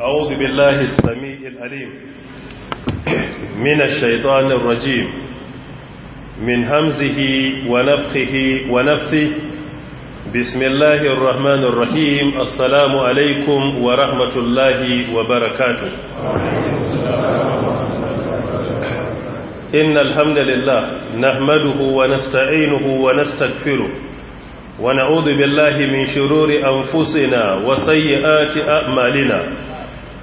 أعوذ بالله السميع العليم من الشيطان الرجيم من همزه ونفخه ونفثه بسم الله الرحمن الرحيم السلام عليكم ورحمة الله وبركاته إن الحمد لله نحمده ونستعينه ونستغفره ونعوذ بالله من شرور أنفسنا وسيئات أعمالنا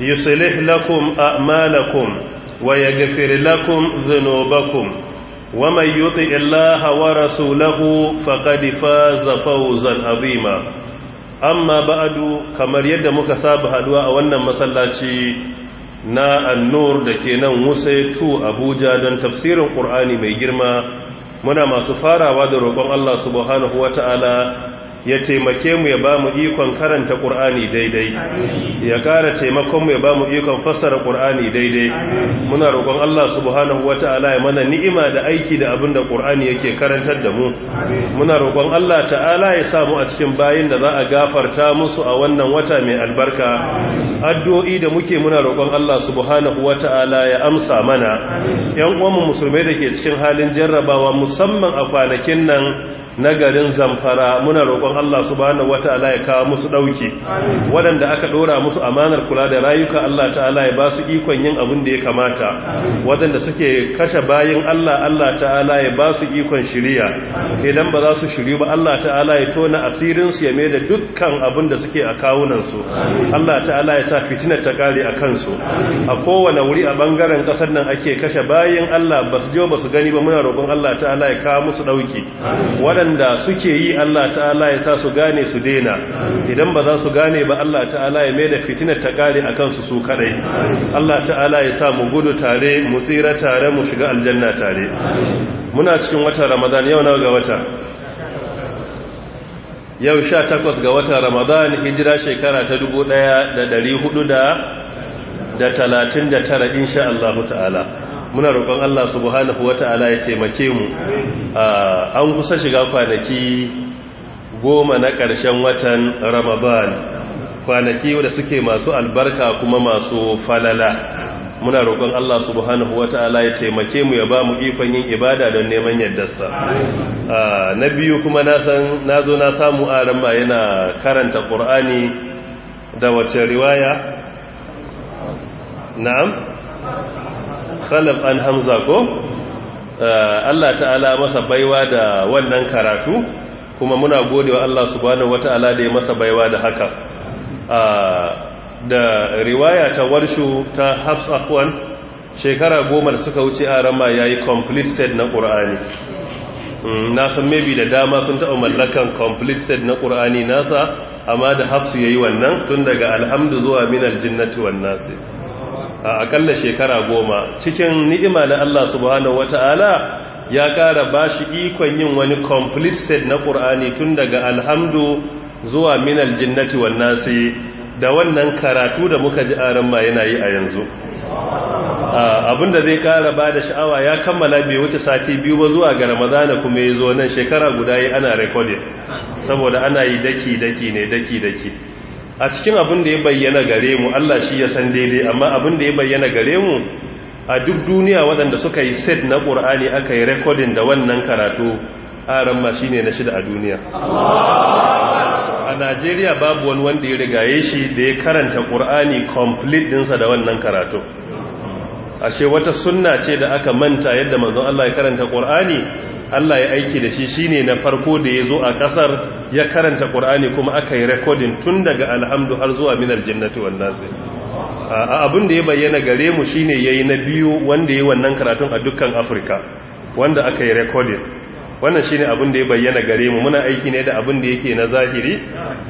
yusulih lakum a'malakum wa yaghfir lakum dhunubakum wa may yuti' Allaha wa rasulahu faqad faza amma ba'du kamar yadda muka saba haduwa a wannan masallaci na an da dake nan Musa tu Abuja don tafsirin Qur'ani mai girma muna masu farawa da roƙon Allah subhanahu wata'ala ya taimake mu ya ba mu ikon karanta ƙur'ani daidai ya ƙara taimakon mu ya ba mu ikon fassara ƙur'ani daidai muna roƙon Allah subhanahu wata'ala ya mana ni'ima da aiki da abin da ƙur'ani yake karantar da mu muna roƙon Allah ta'ala ya samu a cikin bayin da za a gafarta musu a wannan wata mai albarka addu'o'i da muke muna roƙon Allah subhanahu wata'ala ya amsa mana yan uwanmu musulmai da ke cikin halin jarrabawa musamman a kwanakin nan na garin zamfara muna roƙon roƙon Allah subhanahu wataala ya kawo musu dauke waɗanda aka dora musu amanar kula da rayuka Allah ta'ala ya ba su ikon yin abin da ya kamata waɗanda suke kashe bayan Allah Allah ta'ala ya ba su ikon shiriya idan ba za su shiryu ba Allah ta'ala ya tona asirin su ya mai da dukkan abin da suke a kawunan su Allah ta'ala ya sa fitinar ta kare a kansu a kowane wuri a bangaren ƙasar nan ake kashe bayin Allah ba su je ba su gani ba muna roƙon Allah ta'ala ya kawo musu dauki waɗanda suke yi Allah ta'ala ya ya sa su gane su dena idan ba za su gane ba Allah ta'ala ya maida fitinar ta kare a kansu su kadai Allah ta'ala ya sa mu gudu tare mu tsira tare mu shiga aljanna tare muna cikin watan ramadan yau nawa ga wata yau sha takwas ga watan ramadan hijira shekara ta dubu da tara insha Allah ta'ala muna roƙon Allah subhanahu wa ta'ala ya taimake mu ah, an kusa shiga kwanaki goma na ƙarshen watan ramadan kwanaki da suke masu albarka kuma masu falala muna roƙon Allah subhanahu ta'ala ya taimake mu ya ba mu ikon yin ibada don neman yaddarsa ah, na biyu kuma na zo na samu aran ba yana karanta ƙur'ani da wace riwaya na'am khalaf an hamza ko ah, Allah ta'ala masa baiwa da wannan karatu kuma muna gode wa Allah subhanahu wata'ala da ya masa baiwa da haka da riwaya ta warshu ta hafs shekara goma da suka wuce a rama ya yi complete set na ƙur'ani mm, na san maybe da dama sun taɓa mallakan complete set na ƙur'ani nasa amma da hafsu ya yi wannan tun daga alhamdu zuwa min jinnati wannan a akalla shekara goma cikin ni'ima na Allah subhanahu wata'ala ya ƙara ba shi ikon yin wani complete set na ƙur'ani tun daga alhamdu zuwa minal jinnati wan nasi da wannan karatu da muka ji aran ma yana yi a yanzu da zai kara ba da sha'awa ya kammala bai wuce sati biyu ba zuwa ga ramadana kuma ya zo nan shekara guda yi ana recording saboda ana yi daki-daki ne daki-daki a cikin abin da ya bayyana gare mu Allah shi ya san daidai amma abin da ya bayyana gare mu a duk duniya waɗanda suka yi set na ƙur'ani aka yi rekodin da wannan karatu aran ma shine na shida a duniya a najeriya babu wani wanda ya rigaye shi da ya karanta ƙur'ani complete dinsa da wannan karatu ashe wata sunna ce da aka manta yadda manzon Allah ya karanta Qur'ani Allah ya aiki da shi shine na farko da ya zo a ƙasar ya karanta Qur'ani kuma aka yi rekodin tun daga alhamdu har zuwa minar jannati wannan? abin da ya bayyana gare mu shine yayi na biyu wanda yayi wannan karatun a dukkan Afirka wanda aka yi recording wannan shine abin da ya bayyana gare mu muna aiki ne da abin da yake na zahiri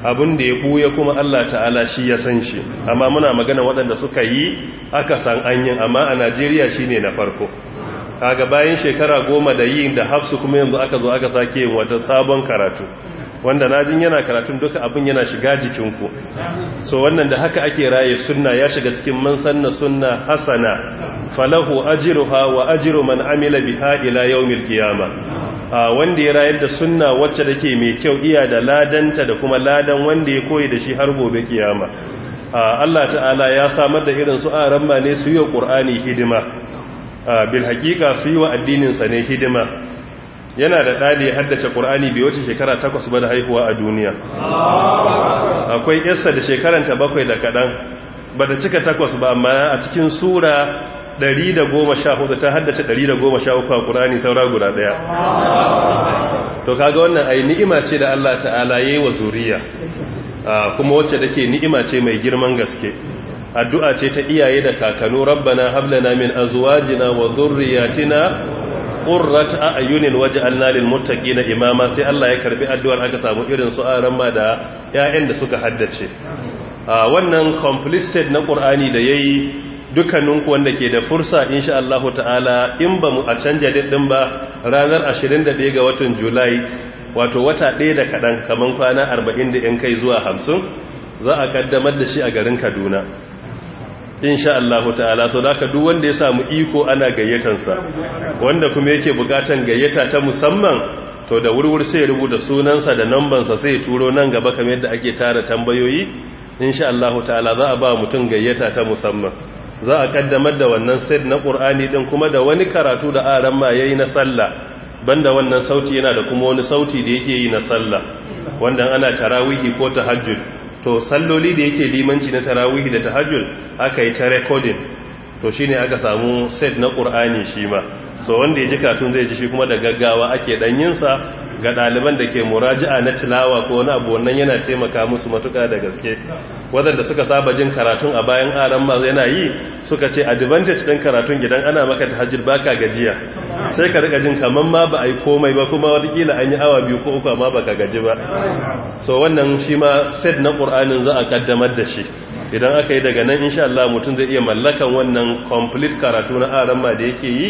abin da ya buya kuma Allah ta'ala shi ya san shi amma muna magana waɗanda suka yi aka san anyin amma a Najeriya shine na farko kaga bayan shekara goma da yin da hafsu kuma yanzu aka zo aka sake wata sabon karatu wanda na najin yana karatun duka abin yana shiga jikinku so wannan da haka ake raye sunna ya shiga cikin man sanna sunna hasana falahu ajruha wa ajru man amila biha ila yawmil qiyama wanda ya rayar da sunna wacce take mai kyau iya da ladanta da kuma ladan wanda ya koyi da shi har gobe kiyama Allah ta'ala ya samar da irin su aran ne su yi wa qur'ani hidima bil haqiqa su yi wa addinin sa ne hidima yana da ɗali haddace ƙur'ani bai wata shekara takwas ba da haihuwa a duniya akwai yarsa da shekaranta bakwai da kaɗan ba ta cika takwas ba amma a cikin sura 114 ta haddace 113 a ƙur'ani saura guda ɗaya to kaga wannan ai ni'ima ce da Allah ta'ala ya yi wa zuriya kuma wacce take ni'ima ce mai girman gaske addu'a ce ta iyaye da kakanu rabbana hablana min azwajina wa dhurriyyatina qurrat a'yunin waj'alna lil muttaqina imama sai Allah ya karbi addu'ar aka samu irin su aran ma da ƴaƴan da suka haddace A wannan completed na Qur'ani da yayi dukkaninku wanda ke da fursa insha Allah ta'ala in ba mu a canja din ba ranar 21 ga watan July wato wata ɗaya da kaɗan kaman kwana 40 da kai zuwa 50 za a kaddamar da shi a garin Kaduna insha Allah ta'ala so da duk wanda ya samu iko ana gayyatansa wanda kuma yake bukatan gayyata ta musamman to da wurwur sai rubuta sunansa da nambansa sai turo nan gaba kamar yadda ake tara tambayoyi insha Allah ta'ala za a ba mutum gayyata ta musamman za a kaddamar da wannan set na Qur'ani din kuma da wani karatu da aran ma yi na sallah banda wannan sauti yana da kuma wani sauti da yake yi na sallah wanda ana tarawihi ko tahajjud to salloli da yake limanci na tarawihi da tahajjud aka yi ta recording to shine aka samu set na qur'ani shi ma so wanda ya ji katun zai ji shi kuma da gaggawa ake dan yin sa ga daliban da ke muraji'a na tilawa ko wani abu wannan yana taimaka musu matuka da gaske wadanda suka saba jin karatun a bayan aran ma yana yi suka ce advantage din karatun gidan ana maka tahajjud baka gajiya sai ka rika jin kamar ma ba a yi komai ba kuma watakila an yi awa biyu ko uku amma ba ka gaji ba so wannan shi ma set na ƙur'anin za a kaddamar da shi idan aka yi daga nan insha Allah mutum zai iya mallakan wannan complete karatu na aran ma da yake yi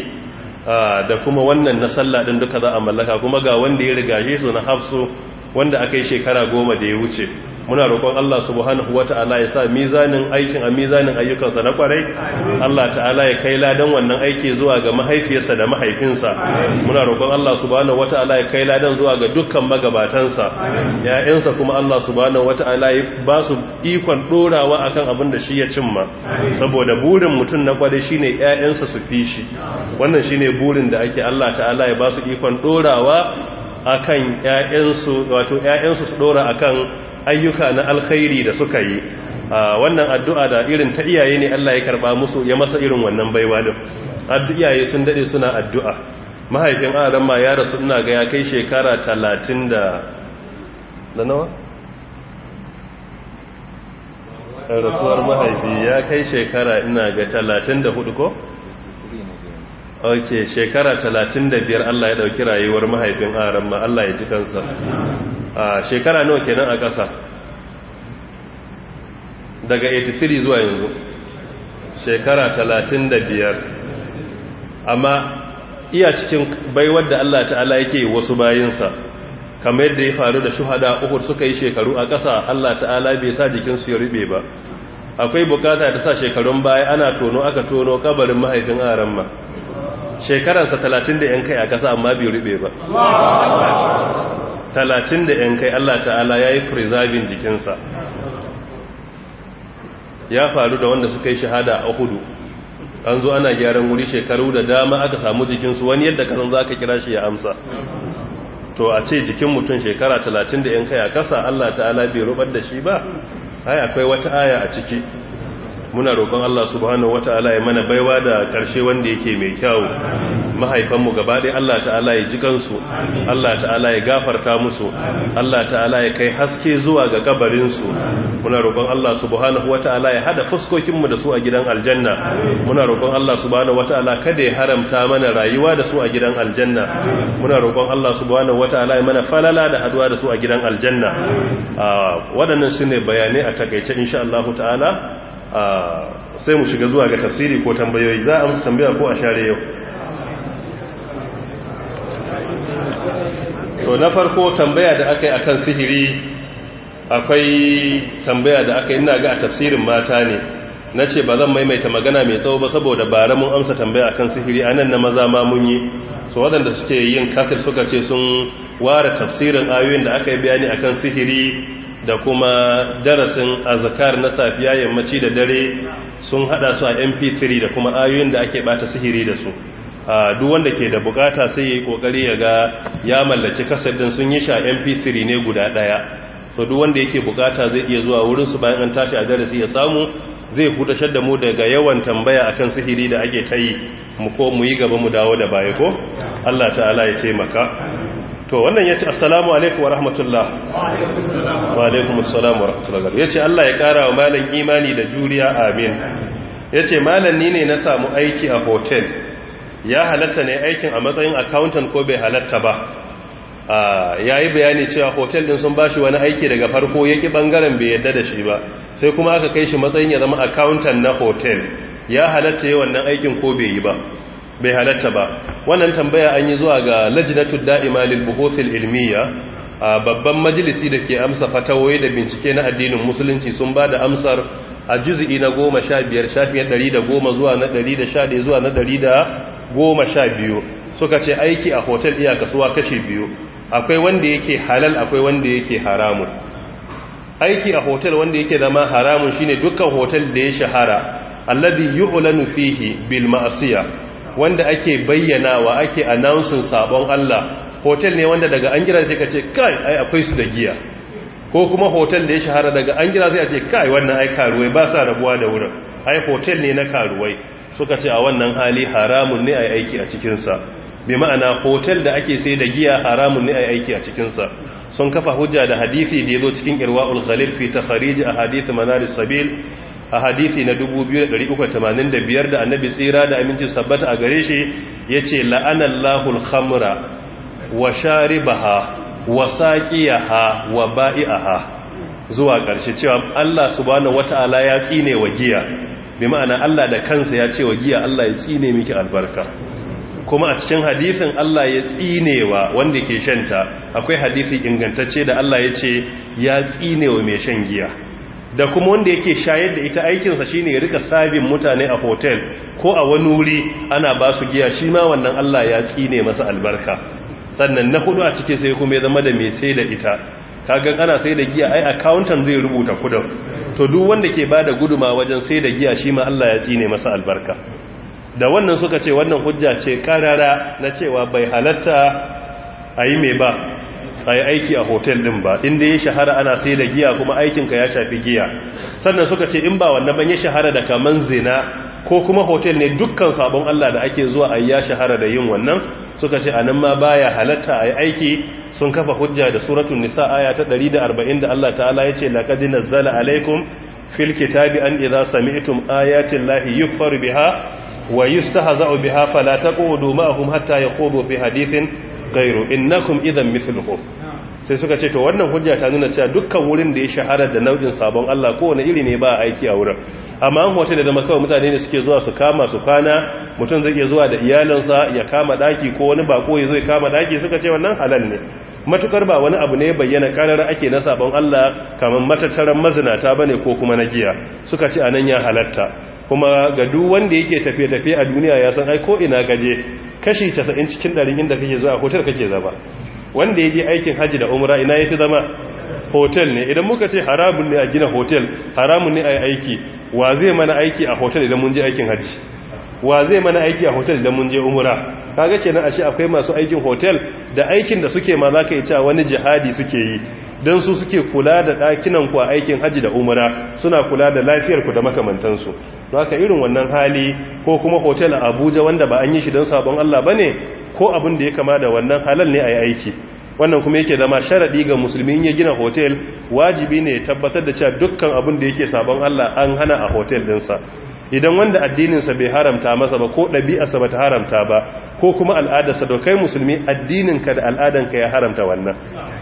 da kuma wannan na sallah din duka za a mallaka kuma ga wanda ya riga shi su na hafsu wanda aka yi shekara goma da ya wuce muna roƙon Allah subhanahu wata'ala ya sa mizanin aikin a mizanin ayyukansa na kwarai Allah ta'ala ya kai ladan wannan aiki zuwa ga mahaifiyarsa da mahaifinsa muna roƙon Allah subhanahu wata'ala ya kai ladan zuwa ga dukkan magabatansa ya'yansa kuma Allah subhanahu wata'ala ya ba su ikon dorawa akan abin da shi ya cimma saboda burin mutum na kwarai shine ya'yansa su fi shi wannan shine burin da ake Allah ta'ala ya ba su ikon dorawa akan ƴaƴansu wato ƴaƴansu su dora akan ayyuka na alkhairi da suka yi wannan addu'a da irin ta iyaye ne Allah ya karba musu ya masa irin wannan baiwa din addu'iyaye sun dade suna addu'a mahaifin Adam ma ya rasu ina ga ya kai shekara 30 da da nawa rasuwar mahaifi ya kai shekara ina ga 34 ko ok shekara talatin da biyar Allah ya ɗauki rayuwar mahaifin aran ma Allah ya ji kansa a shekara nawa kenan a ƙasa daga 83 zuwa yanzu shekara talatin da biyar amma iya cikin baiwar da Allah ta'ala yake wasu bayinsa kamar yadda ya faru da shuhada uku suka yi shekaru a ƙasa Allah ta'ala bai sa jikinsu ya ruɓe ba akwai bukata ta sa shekarun baya ana tono aka tono kabarin mahaifin aran ma shekararsa talatin da yankai kai a kasa amma bai rube ba talatin da yankai Allah ta'ala ya yi preserving jikinsa ya faru da wanda suka yi shahada a hudu an zo ana gyaran wuri shekaru da dama aka samu jikinsu wani yadda kasan za ka kira shi ya amsa to a ce jikin mutum shekara talatin da yankai a kasa Allah ta'ala bai rubar da shi ba ai akwai wata aya a ciki muna roƙon Allah subhanahu wata'ala ya mana baiwa da ƙarshe wanda yake mai kyau mahaifanmu gaba ɗaya Allah ta'ala ya ji kansu Allah ta'ala ya gafarta musu Allah ta'ala ya kai haske zuwa ga su muna roƙon Allah subhanahu wata'ala ya hada fuskokinmu da su a gidan aljanna muna roƙon Allah subhanahu wata'ala kada ya haramta mana rayuwa da su a gidan aljanna muna roƙon Allah subhanahu wata'ala ya mana falala da haduwa da su a gidan aljanna ah, waɗannan su ne bayanai a takaice insha Allah ta'ala sai mu shiga zuwa ga tafsiri ko tambayoyi za a musu tambaya ko a share yau to na farko tambaya da aka yi akan sihiri akwai tambaya da aka yi ina ga a tafsirin mata ne na ce ba zan maimaita magana mai tsawo ba saboda bara mun amsa tambaya akan sihiri a nan na maza ma mun yi su waɗanda suke yin kasir suka ce sun ware tafsirin ayoyin da aka yi bayani akan sihiri da kuma darasin azkar na safiya yammaci da dare sun hada su a mp3 da kuma ayoyin da ake bata sihiri da su duk wanda ke da bukata sai yi kokari ya ga ya mallaki kaset din sun yi shi a mp3 ne guda daya so duk wanda yake bukata zai iya zuwa wurin su bayan an tashi a darasi ya samu zai kudashar da mu daga yawan tambaya akan sihiri da ake ta yi mu ko mu yi gaba mu dawo da baya ko Allah ta'ala ya taimaka to wannan ya ce assalamu alaikum wa rahmatullah wa alaikum assalamu wa rahmatullah ya ce Allah ya kara wa malan imani da juriya amin ya ce malan ni ne na samu aiki a hotel ya halatta ne aikin a matsayin accountant ko bai halatta ba ya yi bayani cewa hotel din sun bashi wani aiki daga farko ya ki bangaren bai yadda da shi ba sai kuma aka kai shi matsayin ya zama accountant na hotel ya halatta yi wannan aikin ko bai yi ba bai halatta ba wannan tambaya an yi zuwa ga lajinatul da'ima lil buhuthil ilmiya a babban majalisi da ke amsa fatawoyi da bincike na addinin musulunci sun ba da amsar a juz'i na goma sha biyar shafiyar ɗari da goma zuwa na ɗari da sha ɗaya zuwa na ɗari da goma sha biyu suka ce aiki a hotel iya kasuwa kashi biyu akwai wanda yake halal akwai wanda yake haramu. aiki a hotel wanda yake zama haramun shine dukkan hotel da ya shahara alladhi yu'lanu fihi bil ma'siyah wanda ake bayyanawa ake announcing sabon Allah hotel ne wanda daga an gira sai ka ce kai ai akwai su da giya ko kuma hotel da ya shahara daga an gira sai a ce kai wannan ai karuwai ba sa rabuwa da wurin ai hotel ne na karuwai suka ce a wannan hali haramun ne ai aiki a cikinsa bi ma'ana hotel da ake sai da giya haramun ne ai aiki a cikinsa sun kafa hujja da hadisi da ya zo cikin irwa'ul khalil fi takhrij ahadith manar sabil a hadisi na 2385 da annabi tsira da aminci sabbata a gare shi ya ce la'anallahu alhamra wa sharibaha wa saƙiyaha wa ba'i'aha zuwa ƙarshe cewa Allah wata ala ya tsine wa giya bi ma'ana Allah da kansa ya ce wa giya Allah ya tsine miki albarka kuma a cikin hadisin Allah ya tsinewa wanda ke shanta akwai hadisi ingantacce da Allah ya ce ya tsinewa mai shan giya da kuma wanda yake shayar da ita aikinsa shi ne rika sabin mutane a hotel ko a wani wuri ana ba su giya shi ma wannan Allah ya tsine masa albarka sannan na hudu a cike sai kuma ya zama da mai sai da ita kagan ana sai da giya ai accountant zai rubuta kudin to duk wanda ke bada guduma wajen sai da giya shi ma Allah ya tsine masa albarka da wannan suka ce wannan hujja ce karara na cewa bai halatta ayi mai ba a yi aiki a hotel din ba inda ya shahara ana sai da giya kuma aikinka ya shafi giya sannan suka ce in ba wannan ban ya shahara da kaman zina ko kuma hotel ne dukkan sabon Allah da ake zuwa a ya shahara da yin wannan suka ce a nan ma baya halatta a yi aiki sun kafa hujja da suratun nisa aya ta 140 da Allah ta'ala ya ce laqad nazzala alaikum fil kitabi an idza sami'tum ayatin lahi yukfaru biha wa yustahza'u biha fala taqudu ma'hum hatta yaqudu fi hadithin ghayru innakum idhan mithluhum sai suka ce to wannan hujja ta nuna cewa dukkan wurin da ya shahara da nau'in sabon Allah kowane iri ne ba aiki a wurin amma an hoce da zama kawai mutane ne suke zuwa su kama su kwana mutum zai iya zuwa da iyalinsa ya kama daki ko wani bako ya zo kama daki suka ce wannan halal ne matukar ba wani abu ne bayyana karar ake na sabon Allah kamar matattaran mazinata bane ko kuma na giya suka ce anan ya halatta kuma ga duk wanda yake tafiye-tafiye a duniya ya san ai ko ina gaje kashi 90 cikin 100 inda kake zuwa hotel kake zaba wanda ya je aikin hajji da umra ina ya fi zama hotel ne idan muka ce haramun ne a gina hotel haramun ne a yi aiki wa zai mana aiki a hotel idan mun je aikin hajji wa zai mana aiki a hotel idan mun je umra kaga kenan ashe akwai masu aikin hotel da aikin da suke ma zaka yi cewa wani jihadi suke yi don su suke kula da ɗakinan ku a aikin hajji da umara suna kula da lafiyarku da makamantansu don aka irin wannan hali ko kuma hotel a abuja wanda ba an yi shi don sabon allah ba ne ko abin da ya kama da wannan halal ne a yi aiki wannan kuma yake zama sharaɗi ga musulmi ya gina hotel wajibi ne ya tabbatar da cewa dukkan abin da yake sabon allah an hana a hotel ɗinsa idan wanda addininsa bai haramta masa ba ko ɗabi'arsa ba ta haramta ba ko kuma al'adarsa da kai musulmi ka da ka ya haramta wannan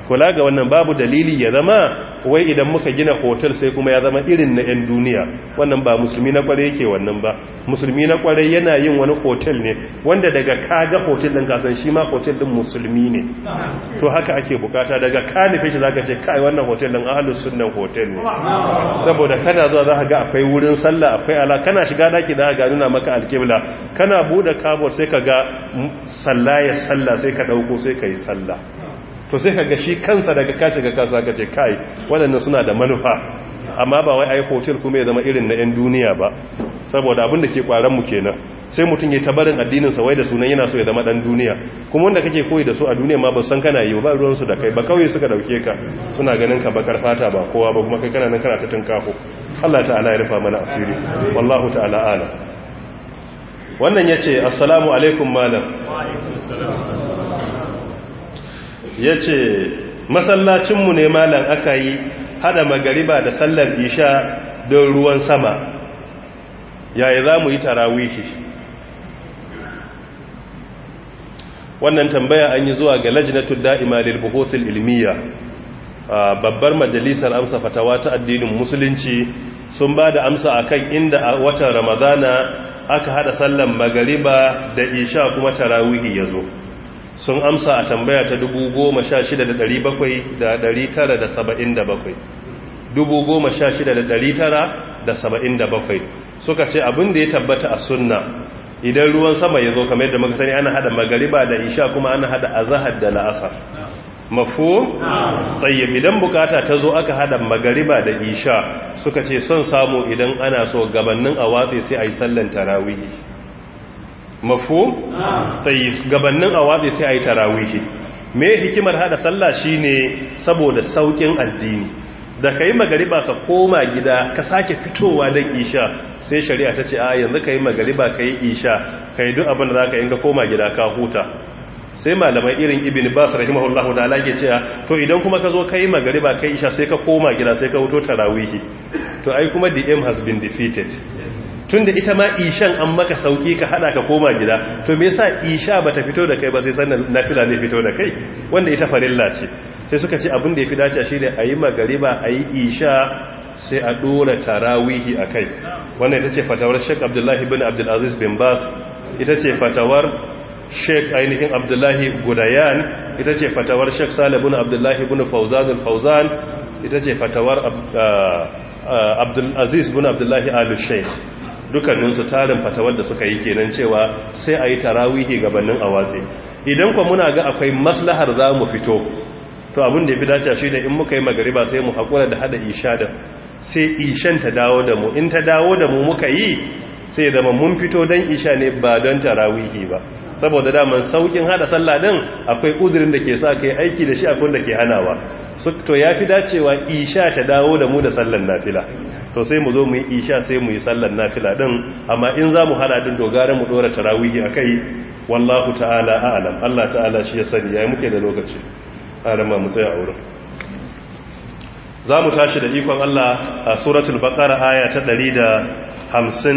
kula ga wannan babu dalili ya zama wai idan muka gina hotel sai kuma ya zama irin na 'yan duniya wannan ba musulmi na kwarai yake wannan ba musulmi na kwarai yana yin wani hotel ne wanda daga ka ga hotel ɗin kasan shi ma hotel ɗin musulmi ne to haka ake bukata daga ka nufe shi za ka ce kai wannan hotel ɗin ahalus sunnan hotel ne saboda kada zuwa za ka ga akwai wurin sallah akwai alaka kana shiga daki da ga nuna maka alkibla kana bude kabur sai ka ga salla ya salla sai ka dauko sai ka yi salla to sai ka ga shi kansa daga ka ga kasa ka kai waɗannan suna da manufa amma ba wai ai hotel kuma ya zama irin na yan duniya ba saboda abin da ke kwaran mu kenan sai mutum ya tabarin addinin sa wai da sunan yana so ya zama dan duniya kuma wanda kake koyi da su a duniya ma ba san kana yi ba ruwan su da kai ba kauye suka dauke ka suna ganin ka bakar fata ba kowa ba kuma kai kana nan kana ta tunkaho Allah ta'ala ya rufa mana asiri wallahu ta'ala ala wannan yace assalamu alaikum malam wa alaikum assalam yace masallacinmu ne malam aka yi hada magariba da sallar isha don ruwan sama yaya za mu yi tarawihi wannan tambaya an yi zuwa ga lajinatul da'ima lil buhuthil ilmiya babbar majalisar amsa fatawa ta addinin musulunci sun ba da amsa akan inda a watan ramadana aka hada sallar magariba da isha kuma tarawihi ya zo sun amsa a tambaya ta 16977 suka ce abin da ya tabbata a sunna idan ruwan sama ya zo kamar yadda muka sani ana hada magariba da isha kuma ana hada azahar da la'asar mafu tsayyib idan bukata ta zo aka hada magariba da isha suka ce son samu idan ana so gabannin a watsi sai a yi sallan tarawihi mafu? tayyif gabannin awazi sai a yi tarawihi me hikimar hada sallah shine saboda saukin addini da ka yi magariba ka koma gida ka sake fitowa don isha sai shari'a ta ce a yanzu ka yi magariba ka yi isha ka yi duk abin da za ka yi ka koma gida ka huta sai malamai irin ba su bas rahimahullahu da alake cewa to idan kuma ka zo ka yi magariba ka yi isha sai ka koma gida sai ka huto tarawihi to ai kuma the aim has been defeated tunda ita ma ishan an maka sauki ka hada ka koma gida to me yasa isha bata fito da kai ba sai sannan nafila ne fito da kai wanda ita farilla ce sai suka ce abin da fi dace shi a ayi magariba ayi isha sai a dora tarawihi akai wannan ita ce fatawar Sheikh Abdullahi bin Abdul Aziz bin Bas ita ce fatawar Sheikh ainihin Abdullahi Gudayan ita ce fatawar Sheikh Salih bin Abdullahi bin Fawzan al-Fawzan ita ce fatawar ah, ah, Abdul Aziz Abdullahi Abdullah al-Sheikh dukkaninsu tarin fatawar da suka yi kenan cewa sai a yi tarawihi gabanin awatsi idan kuma muna ga akwai maslahar za mu fito to abin da ya fi dace shi da in muka yi magariba sai mu haƙura da haɗa isha da sai ishan ta dawo da mu in ta dawo da mu muka yi sai zama mun fito don isha ne ba don tarawihi ba saboda daman saukin hada sallah din akwai uzurin da ke sa kai aiki da shi akwai da ke hanawa to ya fi dacewa isha ta dawo da mu da sallan nafila to sai mu zo mu yi isha sai mu yi sallar nafila din amma in za mu hada din dogara mu dora tarawihi kai wallahu ta'ala a'lam Allah ta'ala shi ya sani ya yayi muke da lokaci harama mu sai a wurin za mu tashi da ikon Allah a suratul baqara aya ta 155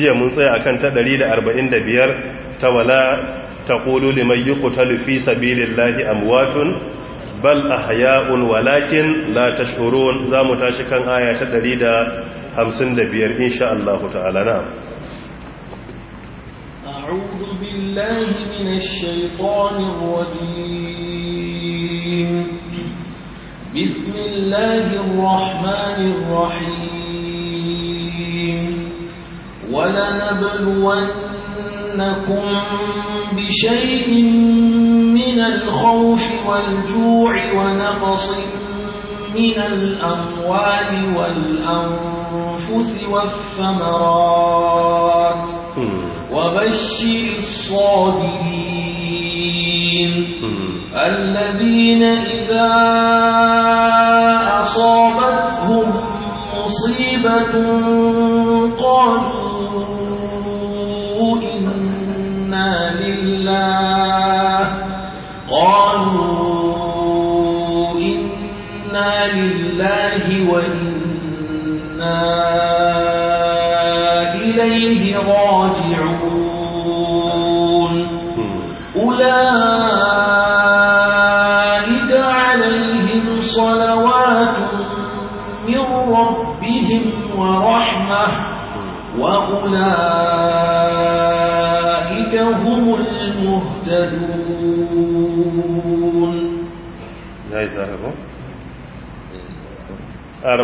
jiya mun tsaya akan ta 145 ta wala taqulu liman yuqtalu fi sabilillahi amwatun bal ahya'un walakin la tashurun mu tashi kan aya ta 155 insha Allah ta'ala na a'udhu billahi minash shaitanir rajim bismillahir rahmanir rahim ولنبلون نبلونكم بشيء من الخوف والجوع ونقص من الأموال والأنفس والثمرات hmm. وبشر الصادقين hmm. الذين إذا أصابتهم مصيبة قالوا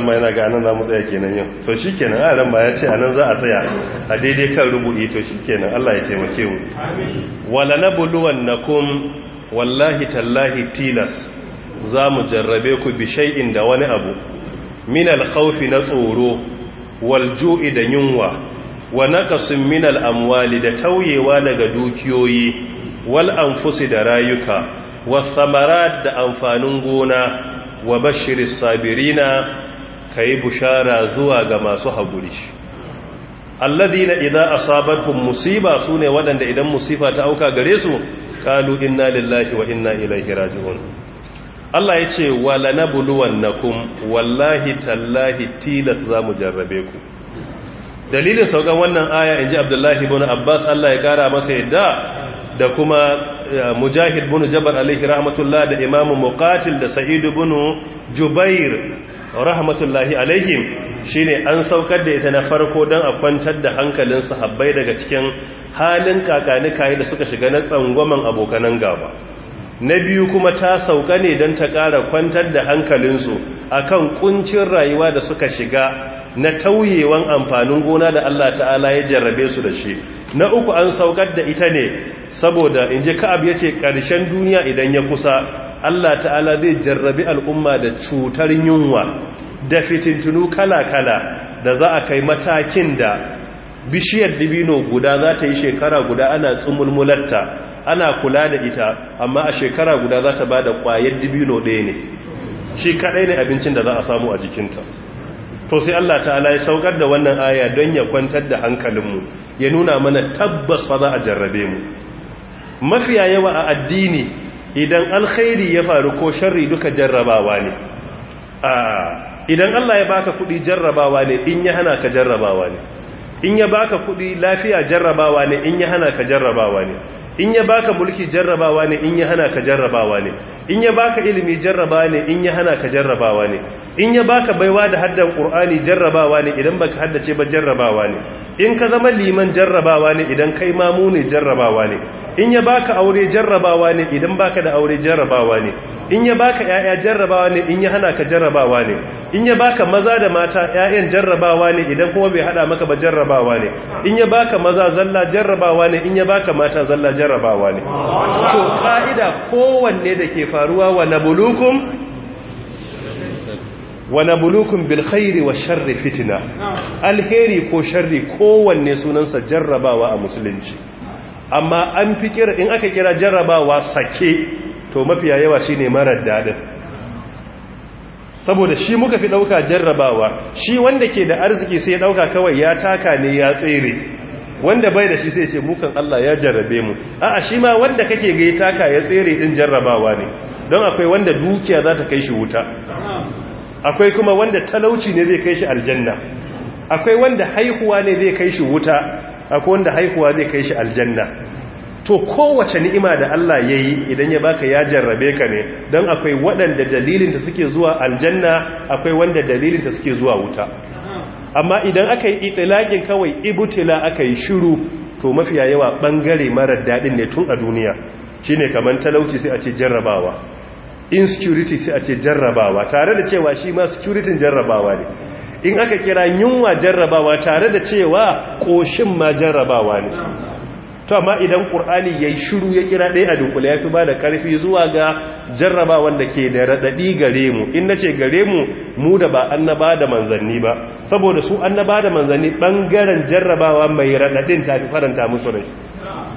nan ma yana ga nan za mu tsaya kenan yau to shi kenan ran ba ya ce anan za a tsaya a daidai kan rubuɗi to shi Allah ya taimake mu wala kun. wallahi tallahi tilas za mu jarrabe ku bi shay'in da wani abu min al na tsoro wal ju'i da yunwa wa naqasin min al-amwali da tauyewa daga dukiyoyi wal anfusi da rayuka wa samarat da amfanin gona wa bashiris sabirina ka yi bushara zuwa ga masu haƙuri alladina idan asabarhum musiba sune waɗanda idan musifa ta auka gare su qalu inna lillahi wa inna ilaihi raji'un Allah ya ce wala nabluwannakum wallahi tallahi tilas zamu jarrabe ku dalilin saukan wannan aya inji Abdullahi ibn Abbas Allah ya kara masa yadda da kuma eh, mujahid bin jabar alaihi rahmatullah da imamu muqatil da sa'id bin jubair rahmatullahi alaihim shine an saukar da ita na farko don a kwantar da hankalin sahabbai daga cikin halin kakani kayi da suka shiga na tsangwaman abokanan gaba na biyu kuma ta sauka ne don ta ƙara kwantar da hankalinsu a kan kuncin rayuwa da suka shiga na tauyewan amfanin gona da Allah ta'ala ya jarrabe su da shi na uku an saukar da ita ne saboda in ji ka'ab ya ce ƙarshen duniya idan ya kusa Allah ta'ala zai jarrabi al'umma da cutar yunwa da fitintunu kala-kala da za a kai matakin da bishiyar dibino guda za ta yi shekara guda ana tsumulmulatta ana kula da ita amma a shekara guda za ta ba da ƙwayar dibino ɗaya ne shi kaɗai ne abincin da za a samu a jikinta to sai Allah ta'ala ya saukar da wannan aya don ya kwantar da hankalinmu ya nuna mana tabbas fa za a jarrabe mu mafiya yawa a addini idan alkhairi ya faru ko sharri duka jarrabawa ne idan Allah ya baka kudi jarrabawa ne in ya hana ka jarrabawa ne in ya baka kudi lafiya jarrabawa ne in ya hana ka jarrabawa ne in ya baka mulki jarrabawa ne in ya hana ka jarrabawa ne in ya baka ilimi jarrabawa ne in ya hana ka jarrabawa ne in ya baka baiwa da haddan qur'ani jarrabawa ne idan baka haddace ba jarrabawa ne in ka zama liman jarrabawa ne idan kai mamu ne jarrabawa ne in ya baka aure jarrabawa ne idan baka da aure jarrabawa ne in ya baka yaya jarrabawa ne in ya hana ka jarrabawa ne in ya baka maza da mata yayan jarrabawa ne idan kuma bai hada maka ba jarrabawa ne in ya baka maza zalla jarrabawa ne in ya baka mata zalla jarrabawa ne to ka'ida kowanne da ke faruwa wa nabulukum wa nabulukum bil khairi wa sharri fitina alheri ko sharri kowanne sunansa jarrabawa a musulunci amma an fi kira in aka kira jarrabawa sake to mafiya yawa shine marar dadin saboda shi muka fi dauka jarrabawa shi wanda ke da arziki sai ya dauka kawai ya taka ne ya tsere wanda bai da shi sai ce mukan Allah ya jarrabe mu a'a shi ma wanda kake ga taka ya tsere din jarrabawa ne don akwai wanda dukiya za ta kai shi wuta akwai kuma wanda talauci ne zai kai shi aljanna akwai wanda haihuwa ne zai kai shi wuta akwai wanda haihuwa zai kai shi aljanna to kowace ni'ima da Allah ya yi idan ya baka ya jarrabe ka ne don akwai waɗanda dalilinta suke zuwa aljanna akwai wanda da suke zuwa wuta amma idan aka yi itilagin kawai ibutila aka yi shiru to mafiya yawa bangare marar dadin ne tun a duniya shine kamar talauci sai a ce jarrabawa insecurity sai a ce jarrabawa tare da cewa shi ma security jarrabawa ne in aka kira yunwa jarrabawa tare da cewa ƙoshin ma jarrabawa ne to amma idan qur'ani yayi shiru ya kira ɗaya a ya yafi ba da karfi zuwa ga jarraba wanda ke da radadi gare mu in nace gare mu mu da ba annaba da manzanni ba saboda su annaba da manzanni bangaren jarrabawa mai radadin tafi faranta musu rai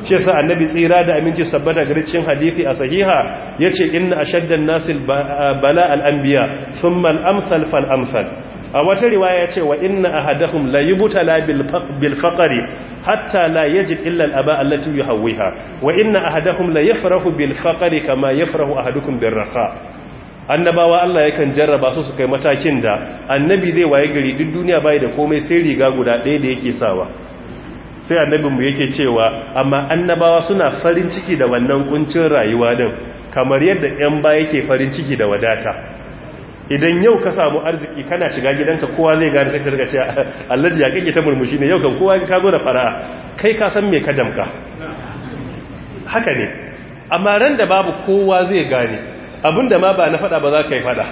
shi sa annabi tsira da aminci sabbata gare cikin hadisi a sahiha yace inna ashaddan nasil bala al anbiya thumma al amsal fal amsal a wata riwaya ya ce wa inna ahadahum la yubtala bil faqri hatta la yajid illa al aba allati yuhawwiha wa inna ahadahum la yafrahu bil faqri kama yafrahu ahadukum bir raqa annabawa Allah yakan jarraba su su kai matakin da annabi zai waye gari duk duniya bai da komai sai riga guda ɗaya da yake sawa sai annabin mu yake cewa amma annabawa suna farin ciki da wannan kuncin rayuwa din kamar yadda 'yan baya ke farin ciki da wadata idan yau ka samu arziki kana shiga gidanka kowa zai gane sai ka riga cewa Allah ya kake ta murmushi ne yau kan kowa ka zo da fara'a kai ka san me ka damka haka ne amma ran da babu kowa zai gane abinda ma ba na fada ba za ka yi fada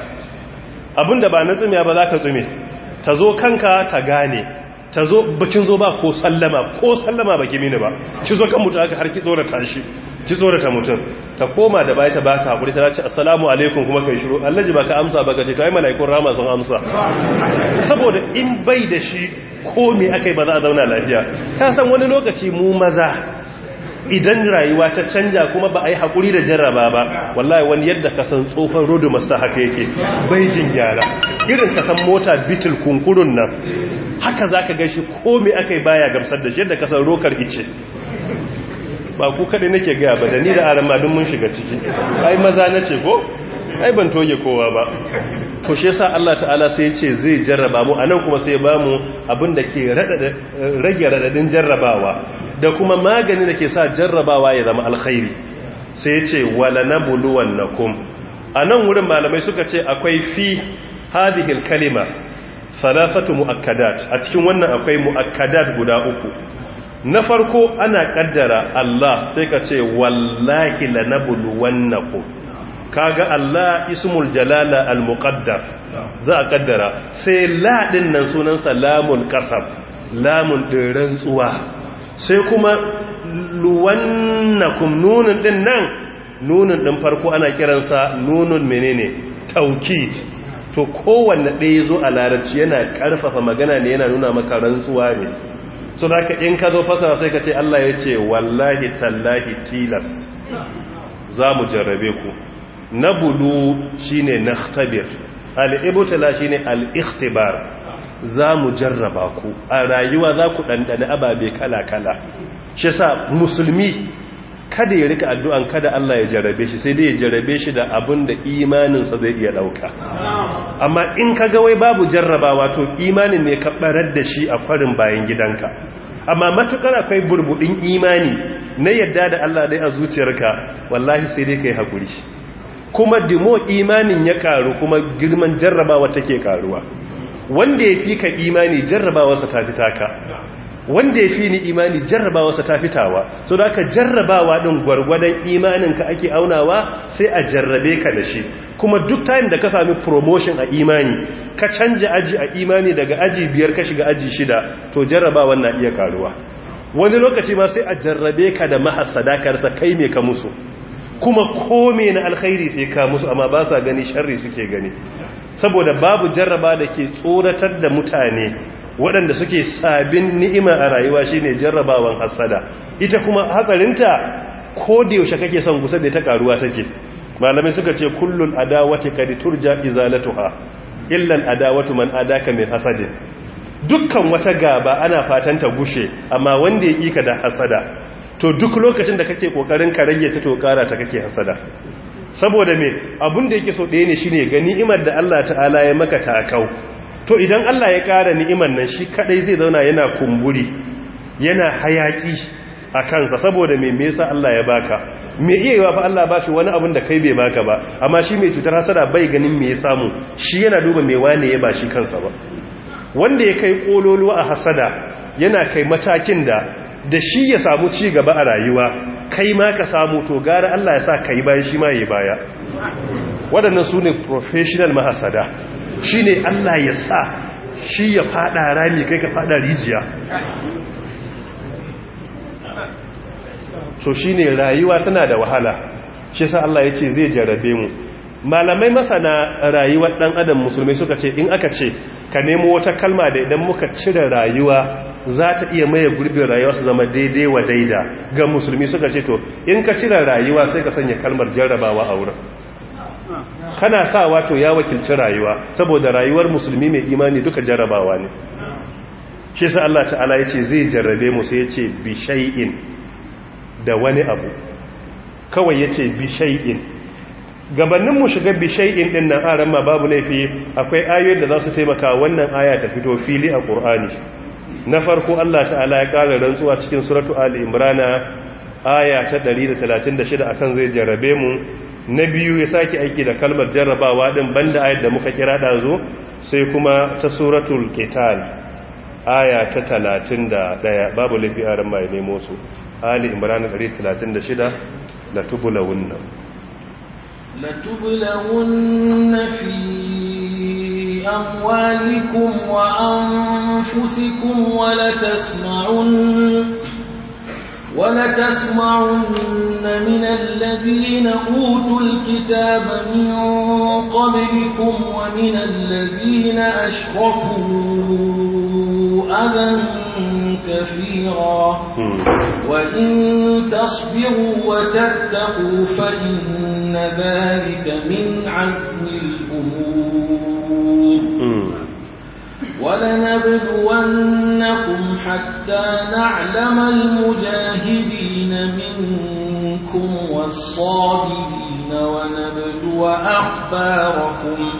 abinda ba na tsumiya ba za ka tsume ta zo kanka ta gane ta zo bakin zo ba ko sallama ko sallama baki mini ba ki zo kan mutum aka har ki ta shi ki ta mutum ta koma da baya ta baka hakuri ta ce assalamu alaikum kuma kai shiru Allah ji baka amsa baka ce kai malaikun rama sun amsa saboda in bai da shi ko me akai ba za a zauna lafiya ka san wani lokaci mu maza idan rayuwa ta canja kuma ba a yi haƙuri da jarraba ba wallahi wani yadda ka san tsofan rodo haka yake bai jin gyara irin ka san mota bitil kunkurun nan haka za ka gashi komi aka yi baya gamsar da shi yadda ka san rokar ice ba ku kaɗai nake gaya ba da ni da aramadun mun shiga ciki ai maza na ce ko ai ban toge kowa ba to shi yasa Allah ta'ala sai ce zai jarraba mu anan kuma sai ba mu abin da ke rage radadin jarrabawa da kuma magani da ke sa jarrabawa ya zama alkhairi sai ce wala wannakum anan wurin malamai suka ce akwai fi hadhihi kalima salasatu muakkadat a cikin wannan akwai muakkadat guda uku na farko ana kaddara Allah sai ka ce wallahi wannakum kaga Allah ismul jalala al-muqaddar za a kaddara sai ladin nan sunan lamun qasab lamun din tsuwa sai kuma luwannakum nunun din nan nunun din farko ana kiransa nunun menene taukid to kowanne ɗaya zo a larabci yana karfafa magana ne yana nuna maka rantsuwa ne so da in ka zo fasara sai ka ce Allah ya ce wallahi tallahi tilas za mu jarrabe ku na bulu shine nakhtabir al-ibtila shine al-ikhtibar za mu jarraba ku a rayuwa za ku ɗanɗana ababe kala-kala shi sa musulmi kada ya rika addu'an kada Allah ya jarrabe shi sai dai ya jarabe shi da abin da imaninsa zai iya ɗauka amma in ka wai babu jarrabawa to imanin ne ka ɓarar da shi a kwarin bayan gidanka amma matukar akwai burbuɗin imani na yadda da Allah dai a zuciyarka wallahi sai dai ka yi haƙuri kuma dimo imanin ya karu kuma girman jarrabawa take karuwa wanda ya fi ka imani jarrabawarsa ta fi taka wanda ya fi ni imani sa ta fitawa so da aka jarrabawa ɗin gwargwadon imaninka ake aunawa sai a jarrabe ka da shi kuma duk time da ka sami promotion a imani ka canja aji a imani daga aji biyar ka shiga aji shida to jarrabawa na iya karuwa wani lokaci ma sai a jarrabe ka da mahassada ka kai me ka musu kuma kome na alkhairi sai ka musu amma ba sa gani sharri suke gani saboda babu jarraba da ke tsoratar da mutane waɗanda suke sabin ni'ima a rayuwa shine jarrabawan hasada ita kuma hatsarinta ko da yaushe kake son gusa da ta karuwa take malamai suka ce kullun adawati kad turja izalatuha illa adawatu man adaka min hasadin dukkan wata gaba ana fatan ta gushe amma wanda ya ika da hasada to duk lokacin da kake kokarin ka rage ta to kara ta kake hasada saboda me abun da yake so ɗaya ne shine ga ni'imar da Allah ta'ala ya maka ta kau to idan Allah ya kara ni'imar nan shi kadai zai zauna yana kumburi yana hayaki a kansa saboda me me yasa Allah ya baka me iya yawa fa Allah ba shi wani abun da kai bai baka ba amma shi mai cutar hasada bai ganin me ya samu shi yana duba me wane ya bashi kansa ba wanda ya kai kololuwa a hasada yana kai matakin da da shi ya samu ci gaba a rayuwa kai ma ka samu to gara Allah ya sa kai bayan shi ma ya baya waɗannan su ne professional mahasada shi ne Allah ya sa shi ya fada rami kai ka fada rijiya so shi ne rayuwa tana da wahala shi sa Allah ya ce zai jarabe mu malamai masana rayuwar dan adam musulmi suka ce in aka ce ka nemo wata kalma da idan muka cire rayuwa za ta iya maye gurbin rayuwa su zama daidai wa daida ga musulmi suka ce to in ka cire rayuwa sai ka sanya kalmar jarrabawa a wurin kana sa wato ya wakilci rayuwa saboda rayuwar musulmi mai imani duka jarrabawa ne shi sa Allah ta'ala ya ce zai jarrabe mu sai ya ce bishai'in da wani abu kawai ya ce bishai'in gabanin mu shiga bishai'in din nan aran ma babu laifi akwai ayoyi da za su taimaka wannan aya ta fito fili a qur'ani na farko Allah ta'ala ya ƙara rantsuwa cikin suratu ali imran aya ta 136 akan zai jarrabe mu na biyu ya sake aiki da kalmar jarrabawa din banda ayat da muka kira zo sai kuma ta suratul qital aya ta 31 babu laifi aran ma ya nemo su ali imran 136 la tubulawunna لتبلغن في أموالكم وأنفسكم ولتسمعن ولتسمعن من الذين أوتوا الكتاب من قبلكم ومن الذين أشركوا عذابا كثيرا وإن تصبروا وتتقوا فإن ذلك من عزم الأمور ولنبلونكم حتى نعلم المجاهدين منكم والصابرين ونبلو أخباركم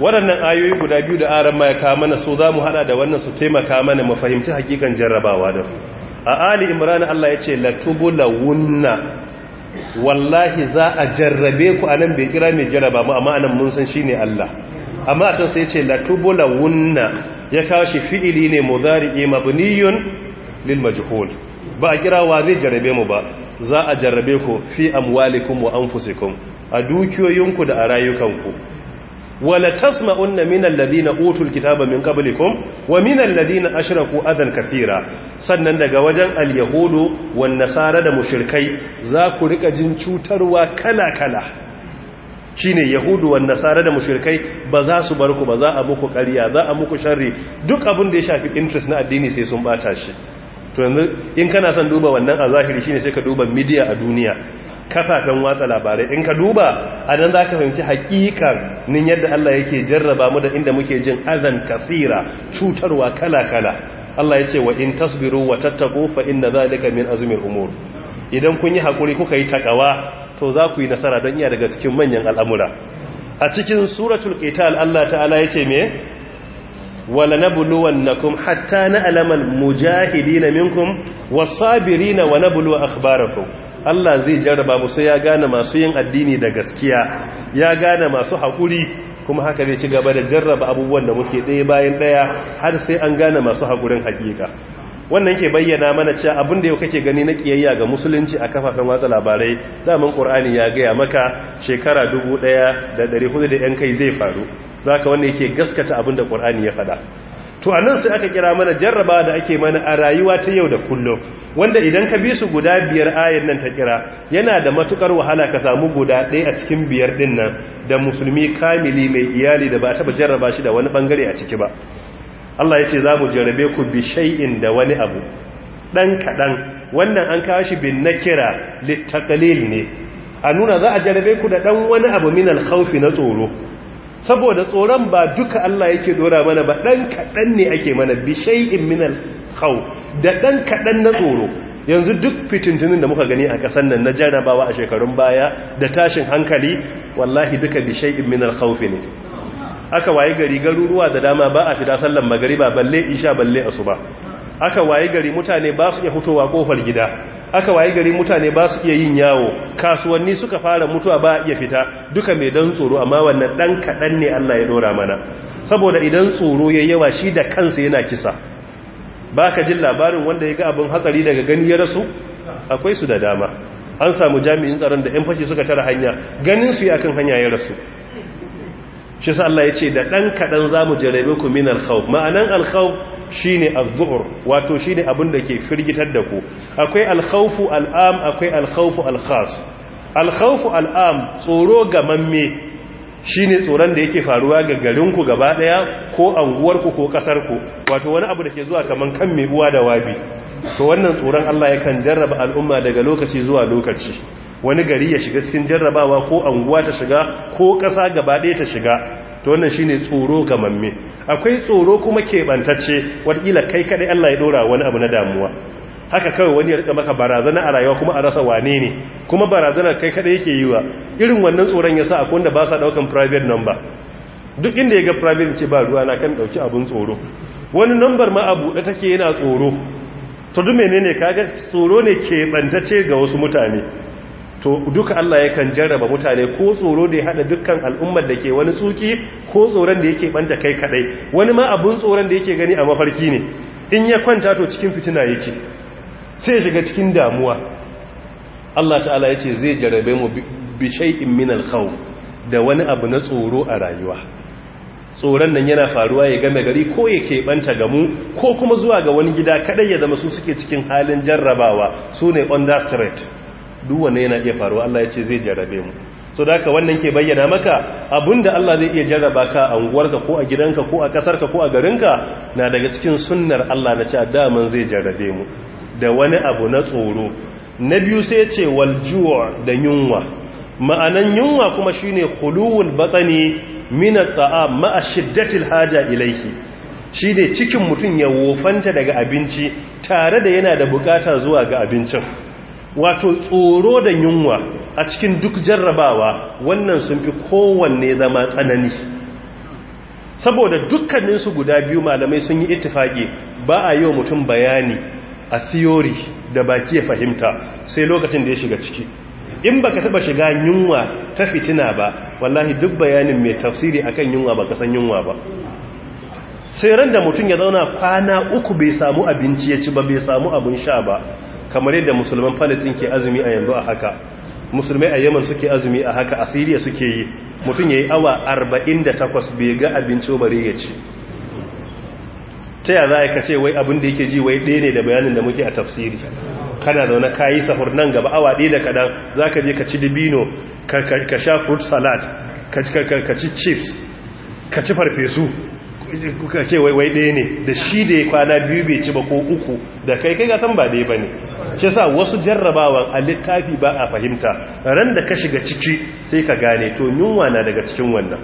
waɗannan ayoyi guda biyu da aran ma ya na mana so za mu haɗa da wannan su taimaka mana mu fahimci hakikan jarrabawa da a ali imran Allah ya ce latubu Wunna wallahi za a jarrabe ku anan bai kira mai jarraba mu amma anan mun san shine Allah amma a san sai ya ce latubu Wunna ya kawo shi fi'ili ne mudari mabniyun lil majhul ba a kira wa zai jarrabe mu ba za a jarrabe ku fi amwalikum wa anfusikum a dukiyoyinku da a rayukanku wala tasma'unna minal ladina utul kitaba min qablikum wa minal ashirin ku azan sannan daga wajen alyahudu wan nasara da mushrikai za ku rika jin cutarwa kala kala shine yahudu wan nasara da mushrikai ba za su bar ku ba za a muku ƙarya za a muku sharri duk abin da ya shafi interest na addini sai sun bata shi to yanzu in kana son duba wannan a zahiri shine sai ka duba media a duniya kafafen watsa labarai in ka duba a nan za ka fahimci hakikar nin yadda Allah yake jarraba mu da inda muke jin azan kasira cutarwa kala-kala Allah ya ce wa in tasbiru wa tattaku fa inna zalika min azmil umur idan kun yi hakuri kuka yi takawa to za ku yi nasara don iya daga cikin manyan al'amura a cikin suratul qital Allah ta'ala ya ce me wala nabluwannakum hatta na'lamal mujahidina minkum was-sabirina wa nablu akhbarakum Allah zai jarraba mu sai ya gane masu yin addini da gaskiya ya gane masu haƙuri kuma haka zai ci gaba da jarraba abubuwan da muke ɗaya bayan ɗaya har sai an gane masu haƙurin haƙiƙa wannan ke bayyana mana cewa abin da yau kake gani na kiyayya ga musulunci a kafafen watsa labarai daman ƙur'ani ya gaya maka shekara dubu ɗaya da ɗari hudu da ‘yan kai zai faru za ka wanda yake gaskata abin da ƙur'ani ya faɗa to a nan sai aka kira mana jarraba da ake mana a rayuwa ta yau da kullum wanda idan ka bi su guda biyar ayan nan ta kira yana da matukar wahala ka samu guda ɗaya a cikin biyar ɗin nan da musulmi kamili mai iyali da ba taɓa jarraba shi da wani ɓangare a ciki ba Allah ya ce za mu jarrabe ku bi shay'in da wani abu ɗan kaɗan wannan an kawo shi bin na kira littakalil ne a nuna za a jarrabe ku da ɗan wani abu min alkhaufi na tsoro saboda tsoron ba duka Allah yake dora mana ba ɗan kaɗan ne ake mana bi shay'in minal khaw da dan kadan na tsoro yanzu duk fitintunin da muka gani a kasan nan na jarabawa a shekarun baya da tashin hankali wallahi duka bi shay'in minal khawf ne aka waye gari garuruwa da dama ba a fita sallan magariba balle isha balle asuba aka waye gari mutane ba su iya hutowa kofar gida aka waye gari mutane ba su iya yin yawo kasuwanni suka fara mutuwa ba iya fita duka mai dan tsoro amma wannan dan kadan ne Allah ya dora mana saboda idan tsoro yayi yawa shi da kansa yana kisa baka jin labarin wanda ya ga abin hatsari daga gani ya rasu akwai su da dama an samu jami'in tsaron da 'yan fashi suka tara hanya ganin su yi akan hanya ya rasu shi sa Allah ya ce da ɗan kaɗan za mu jarabe ku min alkhawf ma'anan alkhawf shi ne wato shi ne abin da ke firgitar da ku akwai alkhawfu al'am akwai alkhawfu alkhas alkhawfu al'am tsoro ga mamme shi ne tsoron da yake faruwa ga garinku gaba ɗaya ko anguwarku ko ƙasarku wato wani abu da ke zuwa kamar kan mai uwa da wabi to wannan tsoron Allah yakan jarraba al'umma daga lokaci zuwa lokaci wani gari ya shiga cikin jarrabawa ko anguwa ta shiga ko ƙasa gaba ɗaya ta shiga to wannan shine tsoro gamamme akwai tsoro kuma keɓantacce wataƙila kai kaɗai Allah ya ɗora wani abu na damuwa haka kawai wani ya rika maka barazana a rayuwa kuma a rasa wane ne kuma barazana kai kaɗai yake yi wa irin wannan tsoron ya sa akwai wanda ba sa ɗaukan private number duk inda ya ga private ce ba ruwa na kan ɗauki abin tsoro wani number ma a buɗe take yana tsoro to duk menene kaga tsoro ne keɓantacce ga wasu mutane to duka Allah yakan jarraba mutane ko tsoro da ya hada dukkan al'ummar da ke wani tsuki ko tsoron da yake banta kai kadai wani ma abun tsoron da yake gani a mafarki ne in ya kwanta to cikin fitina yake sai shiga cikin damuwa Allah ta'ala ya ce zai jarrabe mu bi shay'in min al-khawf da wani abu na tsoro a rayuwa tsoron nan yana faruwa ya game gari ko ya keɓanta ga mu ko kuma zuwa ga wani gida kadai ya zama su suke cikin halin jarrabawa su ne on that threat duk wanne yana iya faruwa Allah ya ce zai jarrabe mu so da haka wannan ke bayyana maka abinda Allah zai iya jarraba ka a unguwarka ko a gidanka ko a kasarka ko a garinka na daga cikin sunnar Allah na ce daman zai jarrabe mu da wani abu na tsoro na biyu sai ce wal da yunwa ma'anan yunwa kuma shine khuluwul batani min at'am ma'a shiddatil haja ilayhi shi ne cikin mutum ya wofanta daga abinci tare da yana da bukata zuwa ga abincin wato tsoro da yunwa a cikin duk jarrabawa wannan sun fi kowanne zama tsanani saboda dukkaninsu guda biyu malamai sun yi ittifaki ba a yi wa mutum bayani a theory da baki ya fahimta sai lokacin da ya shiga ciki in baka taba shiga yunwa ta fitina ba wallahi duk bayanin mai tafsiri akan yunwa baka san yunwa ba sai ran da mutum ya zauna kwana uku bai samu abinci ya ci ba bai samu abin sha ba kamar yadda musulman palestin ke azumi a yanzu a haka musulmai a yaman suke azumi a haka a siriya suke yi mutum ya yi awa 48 bai ga abinci bare ya ci ta yi za a kace wai abin da yake ji wai ɗaya ne da bayanin da muke a tafsiri kana zaune ka yi sahur nan gaba awa ɗaya da kaɗan za ka je ka ci dibino ka sha fruit salad ka ci chips ka ci farfesu ka ce wai ɗaya ne da shi da ya kwana biyu bai ci ba ko uku da kai kai gasan ba ɗaya ba ne shi sa wasu jarrabawan a littafi ba a fahimta ran da ka shiga ciki sai ka gane to yunwa na daga cikin wannan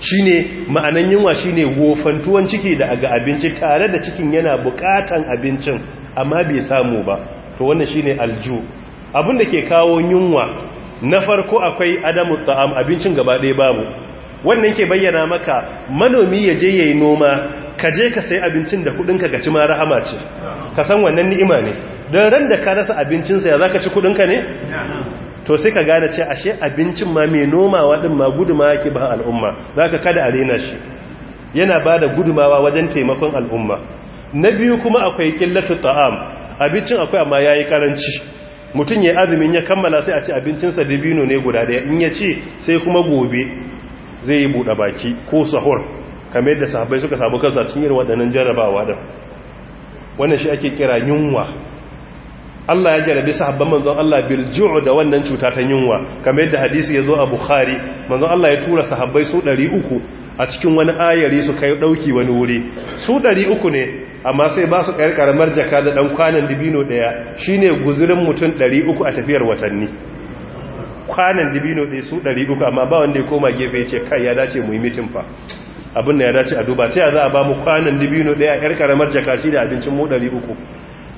shine ma'anan yunwa shine wofantuwan ciki da ga abinci tare da cikin yana bukatan abincin amma bai samu ba to wannan shine alju abin da ke kawo yunwa na farko akwai adamu ta'am abincin gaba ɗaya babu wannan ke bayyana maka manomi ya je yayi noma ka je ka sayi abincin da kudin ka gaci ma rahama ce ka san wannan ni'ima ne don ran da ka rasa abincinsa ya za ka ci kudinka ne? to sai ka gane ce ashe abincin ma mai nomawa din ma guduma ke ba al'umma za ka kada a rena shi yana ba da gudumawa wajen taimakon al'umma na biyu kuma akwai killatu ta'am abincin akwai amma ya yi karanci mutum ya azumin ya kammala sai a ci abincinsa bibino ne guda daya in ya ce sai kuma gobe zai yi buɗe baki ko sahur kamar yadda sahabbai suka samu kansa cikin irin waɗannan jarrabawa din wannan shi ake kira yunwa Allah ya jarabi sahabban manzon Allah bil ju'u da wannan cuta ta yunwa kamar yadda hadisi ya zo a Bukhari manzon Allah ya tura sahabbai su 300 a cikin wani ayari su kai dauki wani wuri su 300 ne amma sai ba su kai karamar jaka da dan kwanan dibino daya shine guzurin mutum 300 a tafiyar watanni kwanan dibino ɗaya su 300 amma ba wanda ya koma gefe ya ce kai ya dace mu yi meeting fa abin da ya dace a duba ta za a ba mu kwanan dibino ɗaya yar karamar jaka shi da abincin mu 300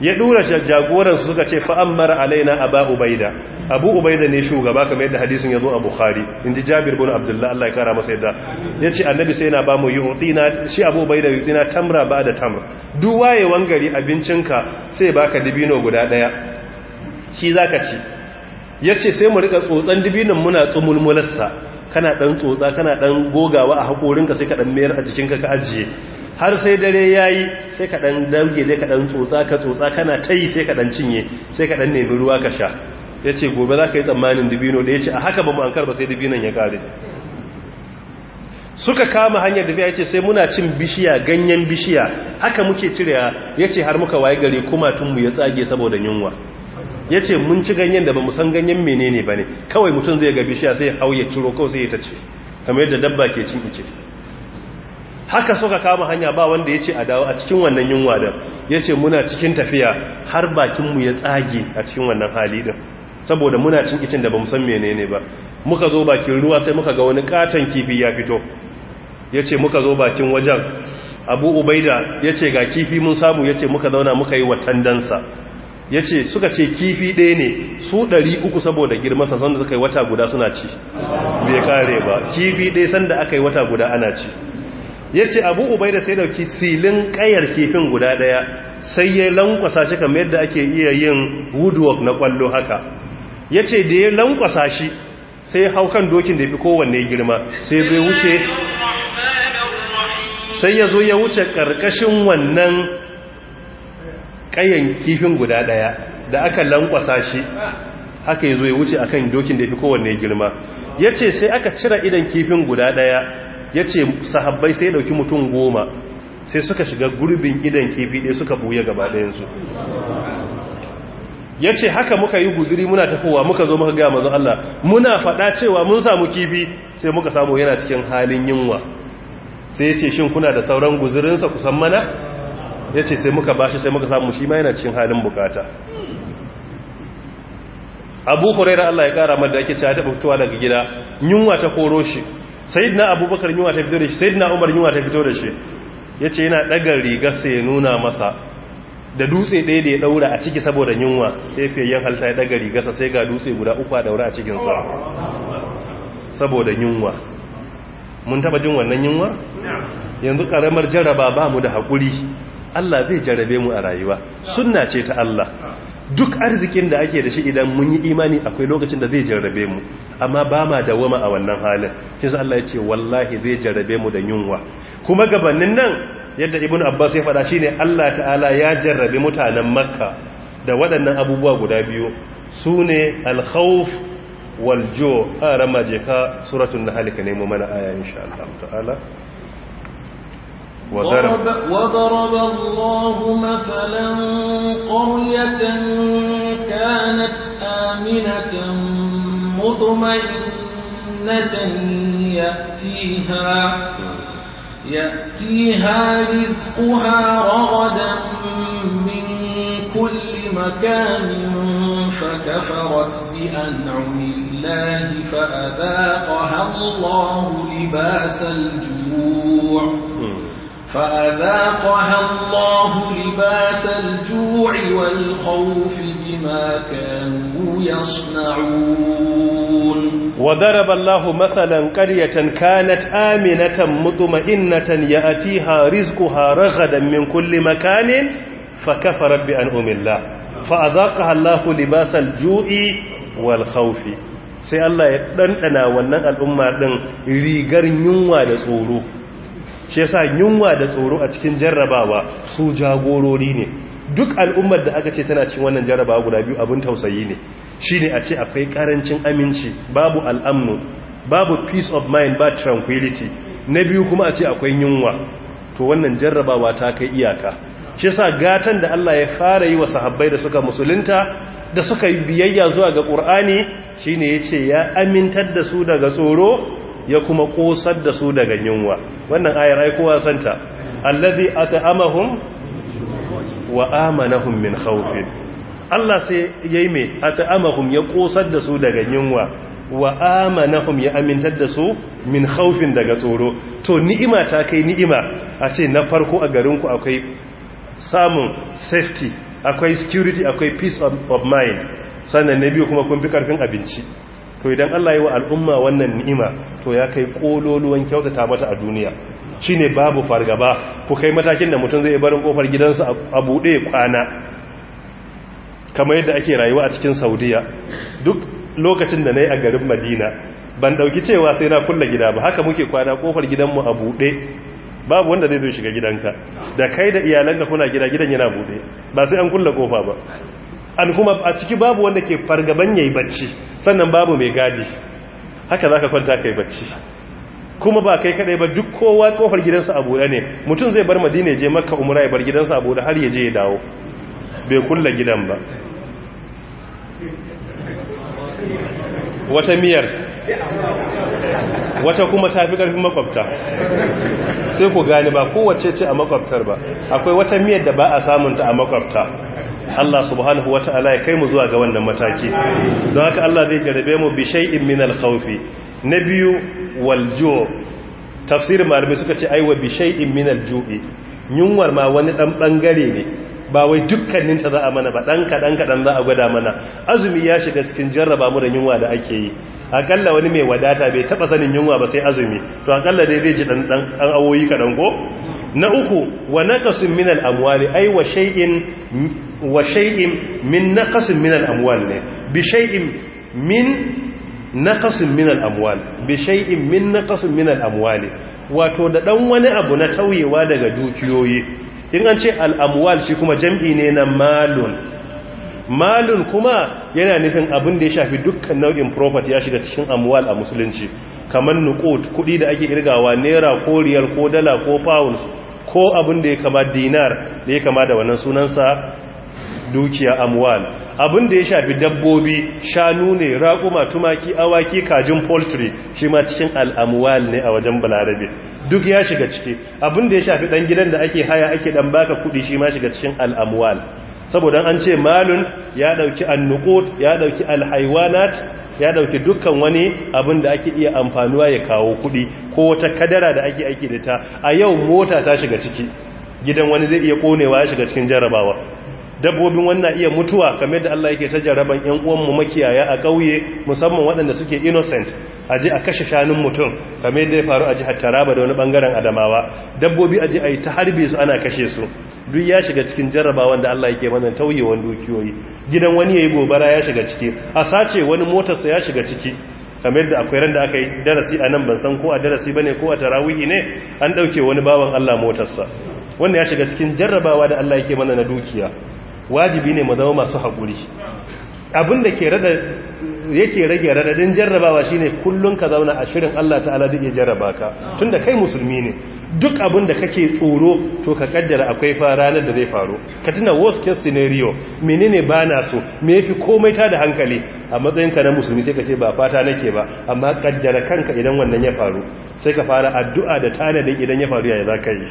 ya dura jagoran su suka ce fa mara alaina abu ubaida abu ubaida ne shugaba kamar yadda hadisin ya zo a bukhari ji jabir bin abdullah Allah ya kara masa yadda yace annabi sai yana ba mu yu'tina shi abu ubaida yu'tina tamra ba da tamr duk wayewan gari abincinka sai baka dibino guda daya shi zaka ci yace sai mu rika tsotsan dibinon muna tsumulmularsa kana dan tsotsa kana dan gogawa a hakorinka sai ka dan mayar a jikinka ka ajiye har sai dare ya yi sai ka ɗan dauke dai ka ɗan tsotsa ka tsotsa kana ta yi sai ka ɗan cinye sai ka ɗan nemi ruwa ka sha yace gobe za ka yi tsammanin dubino da yace a haka ba mu an karba sai dubinan ya kare suka kama hanyar da ce sai muna cin bishiya ganyen bishiya haka muke cire cirewa yace har muka waye gari kuma tun mu ya tsage saboda yunwa yace mun ci ganyen da ba mu san ganyen menene ba ne? kawai mutum zai ga bishiya sai ya ciro kawai sai ya tace kamar yadda dabba ke cin ice haka suka kama hanya ba wanda ya ce a dawo a cikin wannan yunwa da ya ce muna cikin tafiya har bakinmu ya tsage a cikin wannan hali din saboda muna cin itin da ba san menene ba muka zo bakin ruwa sai muka ga wani katon kifi ya fito ya ce muka zo bakin wajen abu ubaida ya ce ga kifi mun samu ya ce muka zauna muka yi watan dansa ya ce suka ce kifi ɗaya ne su ɗari uku saboda girmansa sanda suka yi wata guda suna ci bai kare ba kifi ɗaya sanda aka yi wata guda ana ci ya ce abu ubai da sai dauki silin kayar kifin guda daya sai ya lankwasa shi kamar yadda ake iya yin woodwork na kwallo haka ya ce da ya lankwasa shi sai hau kan dokin da ya fi kowanne girma sai bai wuce sai ya zo ya wuce ƙarƙashin wannan ƙayan kifin guda ɗaya da aka lankwasa shi haka ya zo ya wuce akan dokin da ya fi kowanne girma ya ce sai aka cira idan kifin guda ɗaya ya ce sahabbai sai dauki mutum goma sai suka shiga gurbin gidan kifi ɗaya suka buya gaba ɗayansu ya ce haka muka yi guziri muna tafowa muka zo muka gama zo Allah muna faɗa cewa mun samu kifi sai muka samu yana cikin halin yinwa sai ya ce shin kuna da sauran guzirinsa kusan mana ya ce sai muka bashi sai muka samu shi ma yana cikin halin bukata abu huraira Allah ya kara mada ake ce ya taɓa fitowa daga gida yunwa ta koro shi Sayidina abubakar yiwa ta fito da shi sayidina umar yiwa ta fito da shi yace yana daga riga sai nuna masa da dutse ɗaya da ya ɗaura a ciki saboda yunwa sai yin halta ya daga rigarsa sai ga dutse guda uku a daura a cikin sa saboda yunwa mun taba jin wannan yunwa yanzu karamar jaraba ba mu da haƙuri Allah zai jarabe mu a rayuwa sunna ce ta Allah duk arzikin da ake da shi idan mun yi imani akwai lokacin da zai jarrabe mu amma ba ma dawama a wannan halin shi sa Allah ya ce wallahi zai jarrabe mu da yunwa kuma gabanin nan yadda ibnu abbas ya faɗa shine Allah ta'ala ya jarrabe mutanen makka da waɗannan abubuwa guda biyu sune al-khawf wal-ju' arama je ka suratul nahl ka nemo mana aya insha Allah ta'ala وضرب, وضرب الله مثلا قرية كانت آمنة مطمئنة يأتيها يأتيها رزقها رغدا من كل مكان فكفرت بأنعم الله فأذاقها الله لباس الجوع فأذاقها الله لباس الجوع والخوف بما كانوا يصنعون وضرب الله مثلا قرية كانت آمنة مطمئنة يأتيها رزقها رغدا من كل مكان فكفرت بأنهم الله فأذاقها الله لباس الجوع والخوف سي الله ya ɗanɗana wannan al'umma ɗin rigar yunwa da tsoro shi yasa yunwa da tsoro a cikin jarrabawa su jagorori ne duk al'ummar da aka ce tana cikin wannan jarrabawa guda biyu abin tausayi ne shine a ce akwai karancin aminci babu al'amnu babu peace of mind ba tranquility na biyu kuma a ce akwai yunwa to wannan jarrabawa ta kai iyaka shi yasa gatan da Allah ya fara yi wa sahabbai da suka musulunta da suka yi biyayya zuwa ga Qur'ani shine yace ya amintar da su daga tsoro ya kuma kosar da su daga yunwa wannan ayar ai kowa santa allazi ata'amahum wa amanahum min khawfin Allah sai yayi me Ata'amahum ya kosar da su daga yunwa wa amanahum ya amintar da su min khawfin daga tsoro to ni'ima ta kai ni'ima a ce na farko a garin ku akwai samun safety akwai security akwai peace of, mind sannan na biyu kuma kun fi karfin abinci to idan Allah yi wa al'umma wannan ni'ima to ya kai kololuwan kyautata mata a duniya Shi ne babu fargaba ku kai matakin da mutum zai barin kofar gidansa a buɗe kwana kamar yadda ake rayuwa a cikin saudiya duk lokacin da na yi a garin madina ban ɗauki cewa sai na kulla gida ba haka muke kwana kofar gidanmu a buɗe babu wanda zai zo shiga gidanka da kai da iyalanka kuna gida gidan yana buɗe ba sai an kulla kofa ba alhuma a ciki babu wanda ke fargaban yayi bacci sannan babu mai gadi haka zaka kwanta kai bacci kuma ba kai kadai ba duk kowa kofar gidansa a da ne mutum zai bar madina ya je makka umra ya bar gidansa a da har ya je ya dawo bai kulla gidan ba wata miyar wata kuma ta fi ƙarfin makwabta sai ku gane ba kowace ce a makwabtar ba akwai wata miyar da ba a samunta a makwabta Allah subhanahu wa ta'ala ya kai mu zuwa ga wannan mataki don haka Allah zai jarabe mu bi shay'in min al na biyu wal ju' tafsirin malamai suka ce aiwa bi shay'in min al-ju'i yunwar ma wani dan bangare ne ba wai dukkanin ta za a mana ba dan kaɗan kaɗan za a gwada mana azumi ya shiga cikin jarraba mu da yunwa da ake yi akalla wani mai wadata bai taba sanin yunwa ba sai azumi to akalla dai zai ji dan dan an awoyi kaɗan ko na uku wa naqasun min al-amwali aiwa wa shay'in wa shay'in min naqasin min al ne bi shay'in min naqasin min al bi shay'in min naqasin min al wato da dan wani abu na tauyewa daga dukiyoyi in an ce al-amwal shi kuma jam'i ne na malun malun kuma yana nufin abin da ya shafi dukkan nau'in property ya shiga cikin amwal a musulunci kamar nuqut kudi da ake irgawa naira ko riyal ko dala ko pounds ko abin da ya kama dinar da ya kama da wannan sunansa dukiya amwal abin da ya shafi dabbobi shanu ne raƙuma tumaki awaki kajin poultry shi ma cikin al'amwal ne a wajen balarabe duk ya shiga ciki abin da ya shafi ɗan gidan da ake haya ake ɗan baka kuɗi shi ma shiga cikin al'amwal saboda an ce malun ya ɗauki annukut ya ɗauki alhaiwanat ya ɗauki dukkan wani abin da ake iya amfanuwa ya kawo kuɗi ko wata kadara da ake aiki da ta a yau mota ta shiga ciki gidan wani zai iya konewa ya shiga cikin jarabawa dabbobin wannan iya mutuwa kamar da Allah yake ta jaraban ƴan uwanmu makiyaya a ƙauye musamman waɗanda suke innocent a je a kashe shanun mutum kamar da ya faru a jihar Taraba da wani bangaren Adamawa dabbobi a je a yi ta harbe su ana kashe su duk ya shiga cikin jarrabawan da Allah yake mana tauyewan dukiyoyi gidan wani yayi gobara ya shiga ciki a sace wani motarsa ya shiga ciki kamar da akwai ran da aka yi darasi a nan ban san ko a darasi ba ne ko a tarawihi ne an ɗauke wani bawan Allah motarsa wannan ya shiga cikin jarrabawa da Allah yake mana na dukiya wajibi ne mu zama masu haƙuri abin da ke rada yake rage radadin jarrabawa shine kullum ka zauna a shirin Allah ta'ala da iya jarraba ka tunda kai musulmi ne duk abin da kake tsoro to ka kaddara akwai fa ranar da zai faru ka tuna worst case scenario menene na so me yafi komai ta da hankali a matsayin ka na musulmi sai ka ce ba fata nake ba amma kaddara kanka idan wannan ya faru sai ka fara addu'a da tanadi idan ya faru yaya ka yi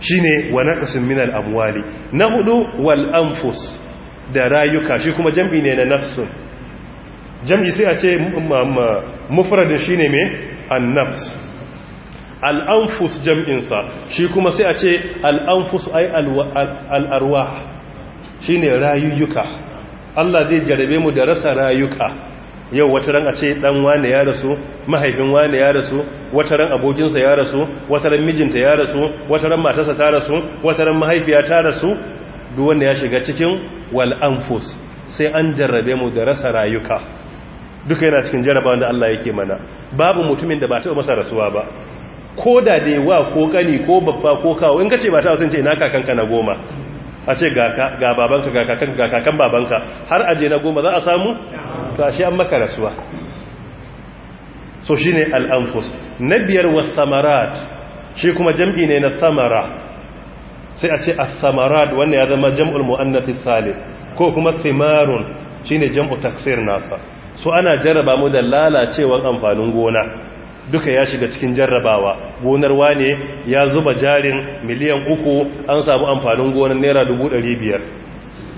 Shi ne wa naqasun minal amwali na hudu wal amfus da rayuka shi kuma jam'i ne na nafsun jam'i sai a ce mufradin ne me an-nafs al jam'insa shi kuma sai a ce al-anfus ay al-arwah rayuka Allah zai jarabe mu da rasa rayuka yau wata ran a ce dan wane ya rasu mahaifin wane ya rasu wata ran abokinsa ya rasu wata ran mijinta ya rasu wata ran matarsa ta rasu wata ran mahaifiya ta rasu duk wanda ya shiga cikin wal anfus sai an jarrabe mu da rasa rayuka duka yana cikin jarraba wanda Allah yake mana babu mutumin da ba ta masa rasuwa ba ko da dai wa ko kani ko babba ko kawo in kace ba ta san ce ina kakanka na goma a ce ga babanka ga kakan babanka har aje na goma za a samu to ashe an maka rasuwa so shine na biyar samarat shi kuma jam'i ne na samara sai a ce as-samarat wanda ya zama jam'ul muannath salim ko kuma simarun shine jam'u taksir nasa so ana jarraba mu da lalacewar amfanin gona duka ya shiga cikin jarrabawa gonar wane ya zuba jarin miliyan uku an samu amfanin gonar naira dubu ɗari biyar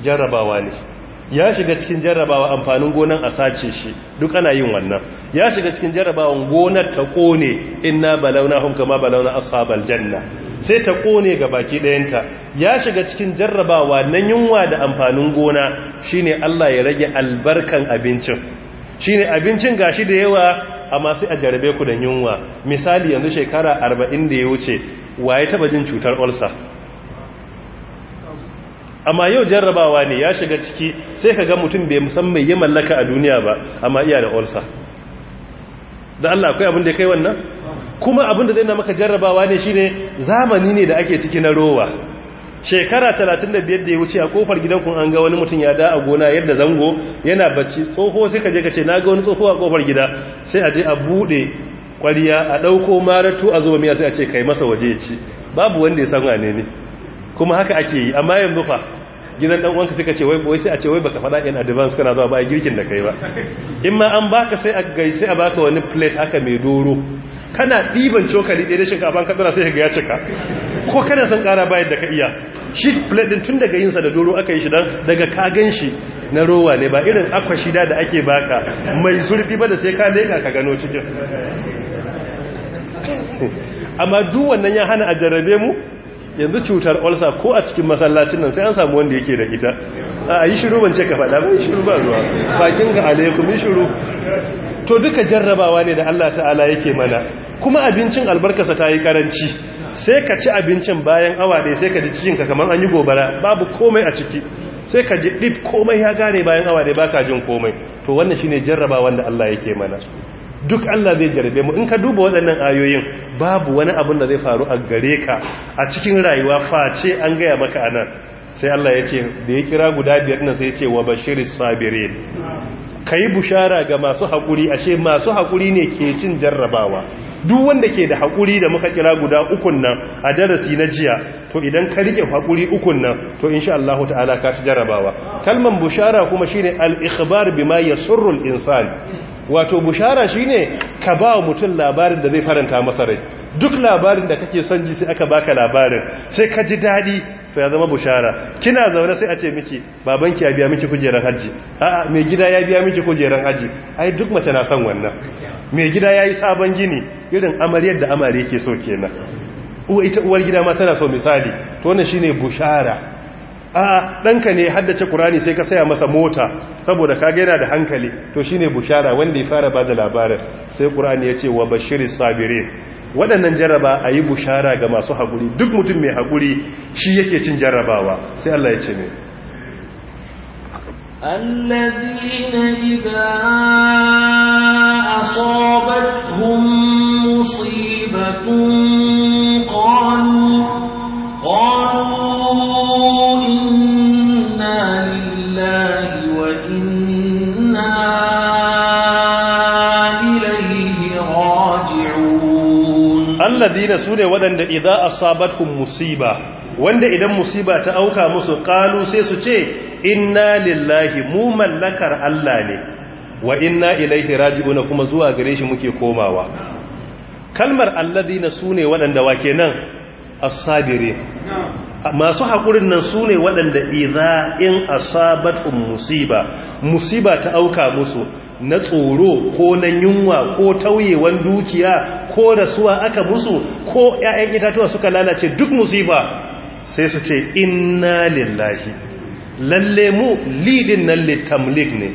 jarrabawa ne ya shiga cikin jarrabawa amfanin gonan a sace shi duk ana yin wannan ya shiga cikin jarrabawan gonar ta kone inna balauna hum kama balauna ashabal janna sai ta kone ga baki dayanta ya shiga cikin jarrabawa na yunwa da amfanin gona shine Allah ya rage albarkan abincin shine abincin gashi da yawa amma sai a jarabe ku da yunwa misali yanzu shekara 40 da ya wuce waye taba jin cutar ulcer amma yau jarrabawa ne ya shiga ciki sai ka ga mutum bai musamman yi mallaka a duniya ba amma iya da olsa da Allah akwai abin da kai wannan kuma abin da zai na maka jarrabawa ne shine zamani ne da ake ciki na rowa shekara 35 da ya wuce a kofar gidanku an ga wani mutum ya da a gona yadda zango yana bacci tsoho sai ka je ka ce na ga wani tsoho a kofar gida sai a je a bude kwariya a dauko maratu a zuba miya sai a ce kai masa waje ya ci babu wanda ya san wane ne kuma haka ake yi amma yanzu fa gidan dan uwanka suka ce wai sai a ce wai baka fada in advance kana zuwa ba girkin da kai ba in ma an baka sai a gaisi a baka wani plate haka mai doro kana diban cokali ɗaya da shinkafa ka tsara sai ka ya cika ko kana san kara ba da ka iya shi plate din tun daga yinsa da doro aka yi shi dan daga ka gan na rowa ne ba irin akwa shida da ake baka mai zurfi ba da sai ka leka ka gano cikin amma duk wannan ya hana a jarrabe mu yanzu cutar olsa ko a cikin masallacin nan sai an samu wanda yake da ita a yi shiru ban ce ka faɗa yi shiru ba zuwa bakin ga alaikum yi shiru to duka jarrabawa ne da Allah ta'ala yake mana kuma abincin albarkasa ta yi karanci sai ka ci abincin bayan awa ɗaya sai ka ji cikinka kamar an yi gobara babu komai a ciki sai ka ji dip komai ya gane bayan awa ɗaya baka jin komai to wannan shine jarrabawa da Allah yake mana duk Allah zai jarabe mu in ka duba waɗannan ayoyin babu wani abin da zai faru a gare ka a cikin rayuwa face an gaya maka anan sai Allah ya ce da ya kira guda biyar nan sai ya ce wa bashiris sabirin ka bushara ga masu hakuri ashe masu hakuri ne ke cin jarrabawa duk wanda ke da hakuri da muka kira guda ukun nan a darasi na jiya to idan ka rike hakuri ukun nan to insha Allah ta'ala ka ci jarrabawa kalman bushara kuma shine al-ikhbar bima yasurru al-insan wato bushara shine ka ba mutum labarin da zai faranta masa rai duk labarin da kake son ji sai aka baka labarin sai ka ji dadi to ya zama bushara kina zaune sai a ce miki babanki ya biya miki kujeran haji a'a mai gida ya biya miki kujeran haji ai duk mace na son wannan mai gida yayi sabon gini irin amaryar da amare yake so kenan uwa ita uwar gida ma tana so misali to wannan shine bushara a'a danka ne haddace Qur'ani sai ka saya masa mota saboda ka ga yana da hankali to shine bushara wanda ya fara bada labarin sai Qur'ani ya ce wa bashiris sabirin waɗannan jaraba a yi bushara ga masu haƙuri duk mutum mai haƙuri shi yake cin jarabawa sai Allah ya ce ne الذين إذا alladhina sune wadanda idza asabatuhum musiba wanda idan musiba ta auka musu qalu sai su ce inna lillahi mu mallakar Allah ne wa inna ilaihi raji'una kuma zuwa gare shi muke komawa kalmar alladhina sune wadanda wa kenan as-sabiri masu haƙurin nan sune ne waɗanda iza in asabatun musiba musiba ta auka musu na tsoro ko na yunwa ko tauyewan dukiya ko da suwa aka musu ko 'ya'yan itatuwa suka lalace duk musiba sai su ce inna lillahi lalle mu lidin nan littamlik ne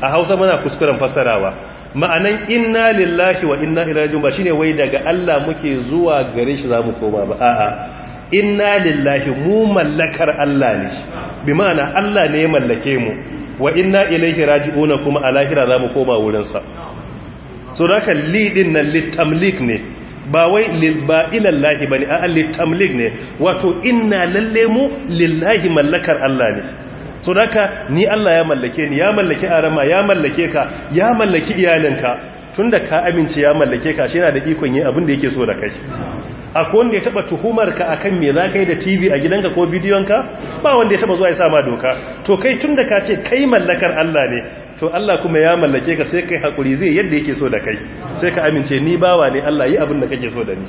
a hausa muna kuskuren fasarawa ma'anan inna lillahi wa inna ilaihi raji'un ba ne wai daga Allah muke zuwa gare shi za mu koma ba a'a inna lillahi mu mallakar Allah ne bi ma'ana Allah ne mallake mu wa inna ilaihi una kuma a lahira mu koma wurinsa. so da kan lidin nan litamlik ne ba wai ba ilallahi ba ne a litamlik ne wato inna lalle mu lillahi mallakar Allah ne so da ka ni Allah ya mallake ni ya mallaki arama ya mallake ka ya mallaki iyalinka Tunda ka amince ya mallake ka shi yana da ikon yin abin da yake so da kai akwai wanda ya taba tuhumar ka akan me zaka yi da TV a gidanka ko bidiyon ka ba wanda ya taba zuwa ya sa ma doka to kai tunda ka ce kai mallakar Allah ne to Allah kuma ya mallake ka sai kai hakuri zai yadda yake so da kai sai ka amince ni bawa ne Allah yi abin da kake so da ni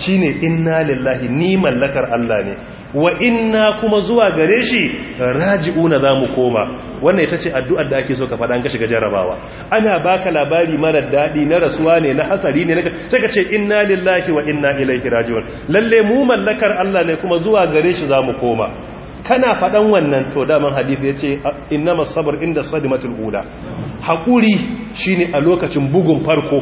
shine inna lillahi ni mallakar Allah ne wa inna kuma zuwa gare shi raji'una zamu koma wannan ita ce addu'ar da ake so ka faɗa an ka shiga jarabawa ana baka labari mara daɗi na rasuwa ne na hatsari ne sai ka ce inna lillahi wa inna ilaihi raji'un lalle mu mallakar Allah ne kuma zuwa gare shi za mu koma kana faɗan wannan to daman hadisi ya ce inna masabar inda sadimatul ula haƙuri shi ne a lokacin bugun farko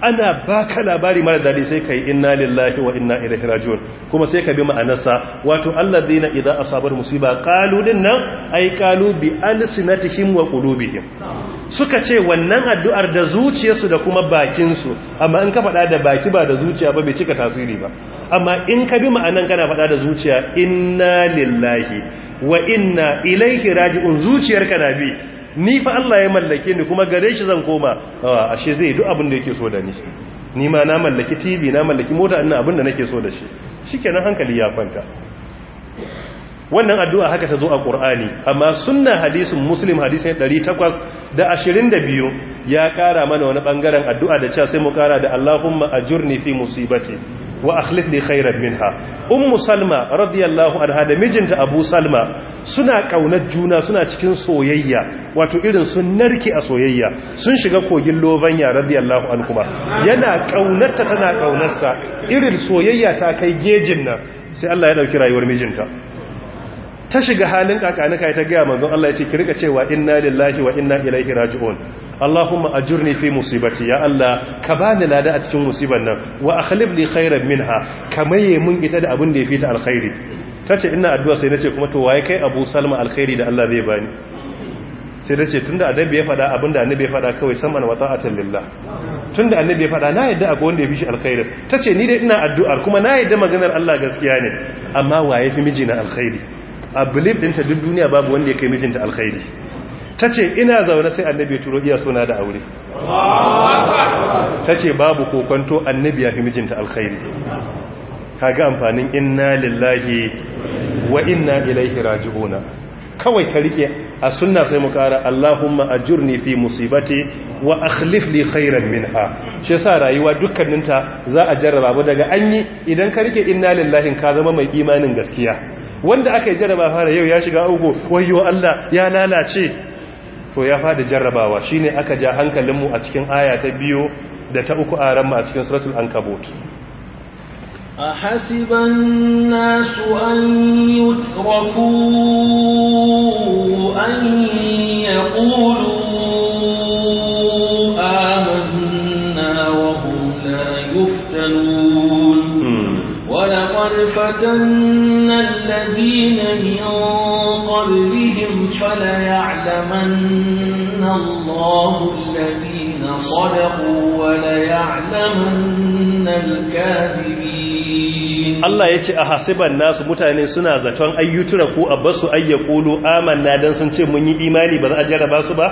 ana baka labari mara dadi sai ka yi inna lillahi wa inna ilaihi rajiun kuma sai ka bi ma'anarsa wato Allah alladheena idza asabar musiba qalu dinnan ay qalu bi alsinatihim wa qulubihim suka ce wannan addu'ar da zuciyarsu da kuma bakinsu amma in ka faɗa da baki ba da zuciya ba bai cika tasiri ba amma in ka bi ma'anan kana faɗa da zuciya inna lillahi wa inna ilaihi raji'un zuciyarka na bi ni fa Allah ya mallake ni kuma gare shi zan koma ah, ashe zai duk abin da yake so da ni ni ma na mallaki TV na mallaki mota ina abin da nake so da shi shikenan hankali ya kwanta wannan addu'a haka ta zo a ƙur'ani amma sunna hadisin muslim da biyu ya ƙara mana wani ɓangaren addu'a da cewa sai mu ƙara da Allahumma a jurni fi musibati wa akhlif li khairan minha ummu salma radiyallahu anha da mijinta abu salma suna ƙaunar juna suna cikin soyayya wato irin sun narke a soyayya sun shiga kogin lobanya radiyallahu anhu yana ƙaunarta tana ƙaunarsa irin soyayya ta kai gejin nan sai Allah ya ɗauki rayuwar mijinta ta shiga halin kakanika ta gaya manzon Allah ya ce ki rika cewa inna lillahi wa inna ilaihi raji'un Allahumma ajurni fi musibati ya Allah ka bani lada a cikin musibar nan wa akhlif li khairan minha kamaye mun ita da abin da yafi ta alkhairi tace ina addu'a sai nace kuma to waye kai Abu Salma alkhairi da Allah zai bani sai nace tunda annabi ya faɗa abin da annabi ya faɗa kawai saman wa ta'atan lillah tunda annabi ya faɗa na yadda akwai wanda ya fi shi alkhairi tace ni dai ina addu'ar kuma na yadda maganar Allah gaskiya ne amma waye fi na alkhairi a belief ɗinta duk duniya babu wanda ya kai mijinta alkhairi ta ce ina zaune sai annabi ya turo iya suna da aure ta ce babu kokonto annabi ya fi mijinta alkhairi kaga amfanin inna lillahi wa inna ilaihi raji'una kawai ka rike a sunna sai mu kara Allahumma ajurni fi musibati wa akhlif li khairan minha shi yasa rayuwa dukkaninta za a jarraba ba daga anyi idan ka rike inna lillahi ka zama mai imanin gaskiya wanda aka yi jarraba fara yau ya shiga uku wayyo Allah ya lalace to ya fada jarrabawa shine aka ja hankalinmu a cikin aya ta biyu da ta uku a ranmu a cikin suratul ankabut أحسب الناس أن يتركوا أن يقولوا آمنا وهم لا يفتنون ولقد فتنا الذين من قبلهم فليعلمن الله الذين صدقوا وليعلمن الكاذبين Allah ya ce a hasiban nasu mutane suna zaton ayyutura ko a basu ayya kolo amanna don sun ce mun yi imani ba za a jarraba su ba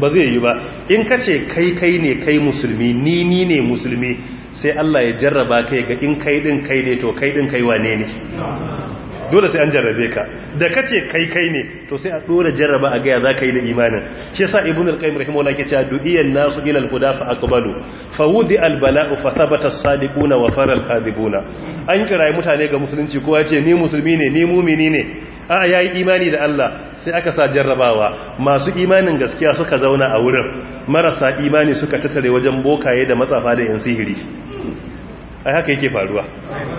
ba zai yi ba in ka ce kai kai ne kai musulmi ni ni ne musulmi sai Allah ya jarraba kai ga in kai din kai ne to kai din kai wane ne dole sai an jarrabe ka da kace kai kai ne to sai a dora jarraba a gaya za ka yi da imanin shi yasa ibnu al-qayyim rahimahullah yake cewa du'iyan nasu ila al-huda fa aqbalu fa wudi al-bala'u fa thabata as-sadiquna wa fara al-kadhibuna an kirayi mutane ga musulunci kowa ce ni musulmi ne ni mumini ne a yayi imani da Allah sai aka sa jarrabawa masu imanin gaskiya suka zauna a wurin marasa imani suka tattare wajen bokaye da matsafa da yan sihiri ai haka yake faruwa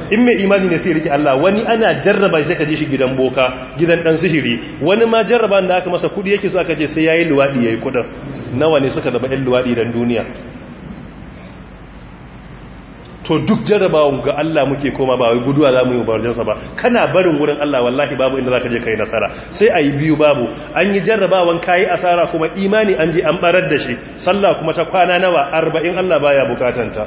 in mai imani ne sai rike Allah wani ana jarraba sai ka ji shi gidan boka gidan dan sihiri wani ma jarraba da aka masa kudi yake so aka ce sai yayi luwadi yayi kudin nawa ne suka zama ɗan luwadi dan duniya to duk jarrabawan ga Allah muke koma ba wai guduwa za mu yi sa ba kana barin wurin Allah wallahi babu inda za ka je kai nasara sai ayi biyu babu an yi jarrabawan kai asara kuma imani an je an barar da shi sallah kuma ta kwana nawa arba'in Allah baya bukatanta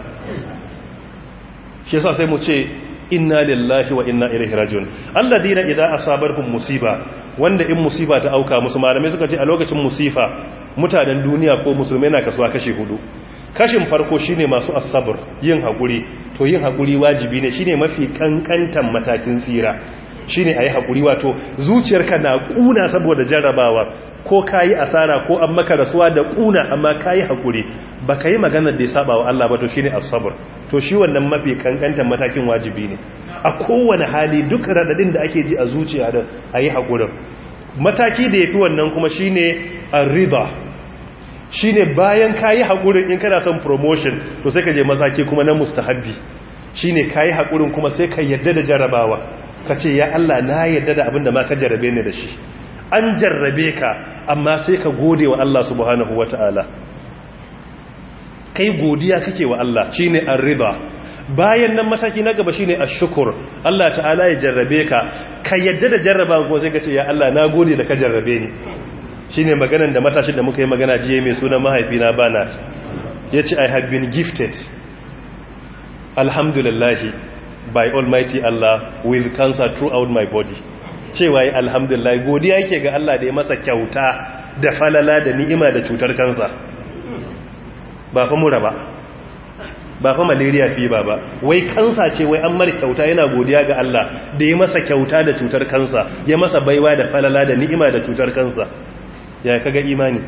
shi yasa sai mu ce inna lillahi wa inna ilaihi rajiun alladina idza asabarhum musiba wanda in musiba ta auka musu malamai suka ce a lokacin musifa mutanen duniya ko musulmai na kasuwa kashi hudu kashin farko shine masu asabar yin hakuri to yin hakuri wajibi ne shine mafi kankantan matakin tsira Shi shine ayi haƙuri, wato zuciyarka na ƙuna saboda jarrabawa ko ka yi asara ko an maka rasuwa da ƙuna amma ka yi haƙuri. Ba ka yi magana da ya saba wa Allah ba to shine as-sabr to shi wannan mafi kankantan matakin wajibi ne a kowane hali duk raɗaɗin da ake ji a zuciya da ayi haƙurin. mataki da ya fi wannan kuma shine ar Shi shine bayan kayi haƙurin in kana son promotion to sai ka je mazaki kuma na mustahabbi ka kayi hakurin kuma sai ka yadda da jarabawa ka ce ya Allah na yadda da abinda ma ka jarrabe ni da shi an jarrabe ka amma sai ka gode wa Allah subhanahu taala. kai godiya kake wa Allah Shi ne an riba bayan nan mataki na gaba shi ne a shukur Allah ta'ala ya jarrabe ka ka yadda da jarraba ko sai ka ce ya Allah na gode da ka jarrabe ni ne maganan da matashin da muka yi magana jiye mai sunan mahaifina bana ce i have been gifted alhamdulillahi by almighty Allah with cancer throughout my body cewa yi alhamdulillah godiya yake ga Allah da ya masa kyauta da falala da ni'ima da cutar kansa ba fa mura ba ba fa malaria fi ba ba wai kansa ce wai an mara kyauta yana godiya ga Allah da ya masa kyauta da cutar kansa ya masa baiwa da falala da ni'ima da cutar kansa ya kaga imani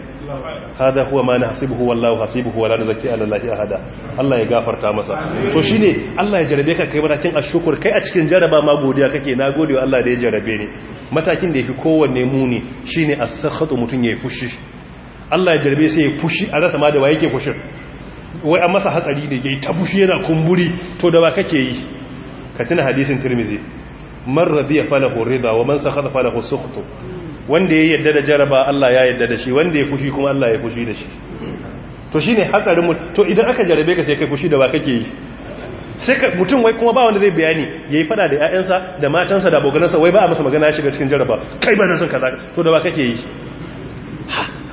hada huwa ma nahsibuhu wallahu hasibuhu wala nazki ala lahi ahada Allah ya gafarta masa to shine Allah ya jarabe ka kai matakin ashukur kai a cikin jaraba ma godiya kake na gode Allah da ya jarabe ni matakin da yafi kowanne muni shine as-sakhatu mutun yayi fushi Allah ya jarabe sai ya fushi a rasa ma da waye yake fushi wai an masa hatsari da yayi ta fushi yana kumburi to da ba kake yi ka tuna hadisin Tirmidhi man radiya falahu rida wa man sakhata falahu sukhtu wanda ya yadda da jaraba Allah ya yadda da shi wanda ya fushi kuma Allah ya fushi da shi to shine hatsarin mutum to idan aka jarabe ka sai kai fushi da ba kake yi sai ka mutum wai kuma ba wanda zai bayani yayi fada da ƴaƴansa da matansa da abokanansa wai ba a masa magana ya shiga cikin jaraba kai ba na son kaza to da ba kake yi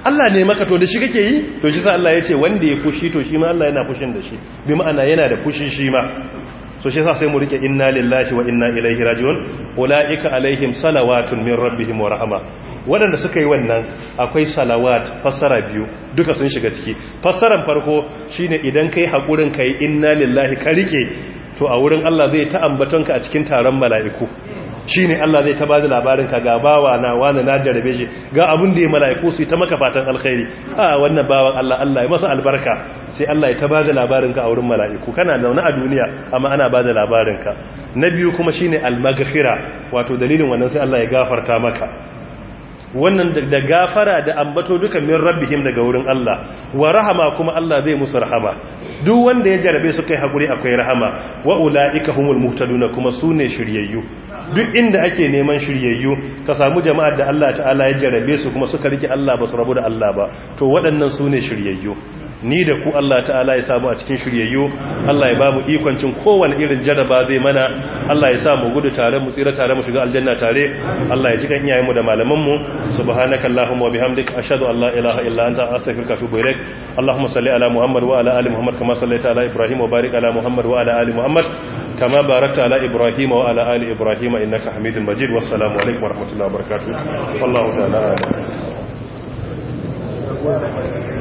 Allah ne maka to da shi kake yi to shi sa Allah ya ce wanda ya fushi to shi ma Allah yana fushin da shi bi ma'ana yana da fushi shi ma so shi sa sai mu rike inna lillahi wa inna ilaihi raji'un ulaika alaihim salawatun min rabbihim wa rahma wadanda suka yi wannan akwai salawat fassara biyu duka sun shiga ciki fassaran farko shine idan kai hakurin kai inna lillahi ka rike to a wurin Allah zai ta ambaton ka a cikin taron mala'iku Shi ne Allah zai tabada labarin ka ga bawa na wani na jarabe shi ga abin da ya mala'iku su ta maka fatan alkhairi a wannan bawan Allah Allah ya masa albarka sai Allah ya tabada labarin ka a wurin mala'iku kana zaune a duniya amma ana bada labarin ka na biyu kuma shine ne maghfira wato dalilin wannan sai Allah ya gafarta maka wannan da gafara da ambato duka min rabbihim daga wurin Allah wa rahama kuma Allah zai musu rahama duk wanda ya jarabe su kai hakuri akwai rahama wa ulaika humul muhtaduna kuma sune shiryayyu duk inda ake neman shiryayyu ka samu jama'ar da Allah ta'ala ya jarabe su kuma suka rike Allah ba su rabu da Allah ba to waɗannan sune shiryayyu ni da ku Allah ta'ala ya samu a cikin shiryayyu Allah ya bamu ikon cin kowane irin jaraba zai mana Allah ya samu gudu tare mu tsira tare mu shiga aljanna tare Allah ya ji kan iyayenmu da malamanmu subhanaka allahumma wa bihamdik ashhadu an la ilaha illa anta astaghfiruka wa atubu ilaik allahumma salli ala muhammad wa ala ali muhammad kama sallaita ala ibrahim wa barik ala muhammad wa ala ali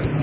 muhammad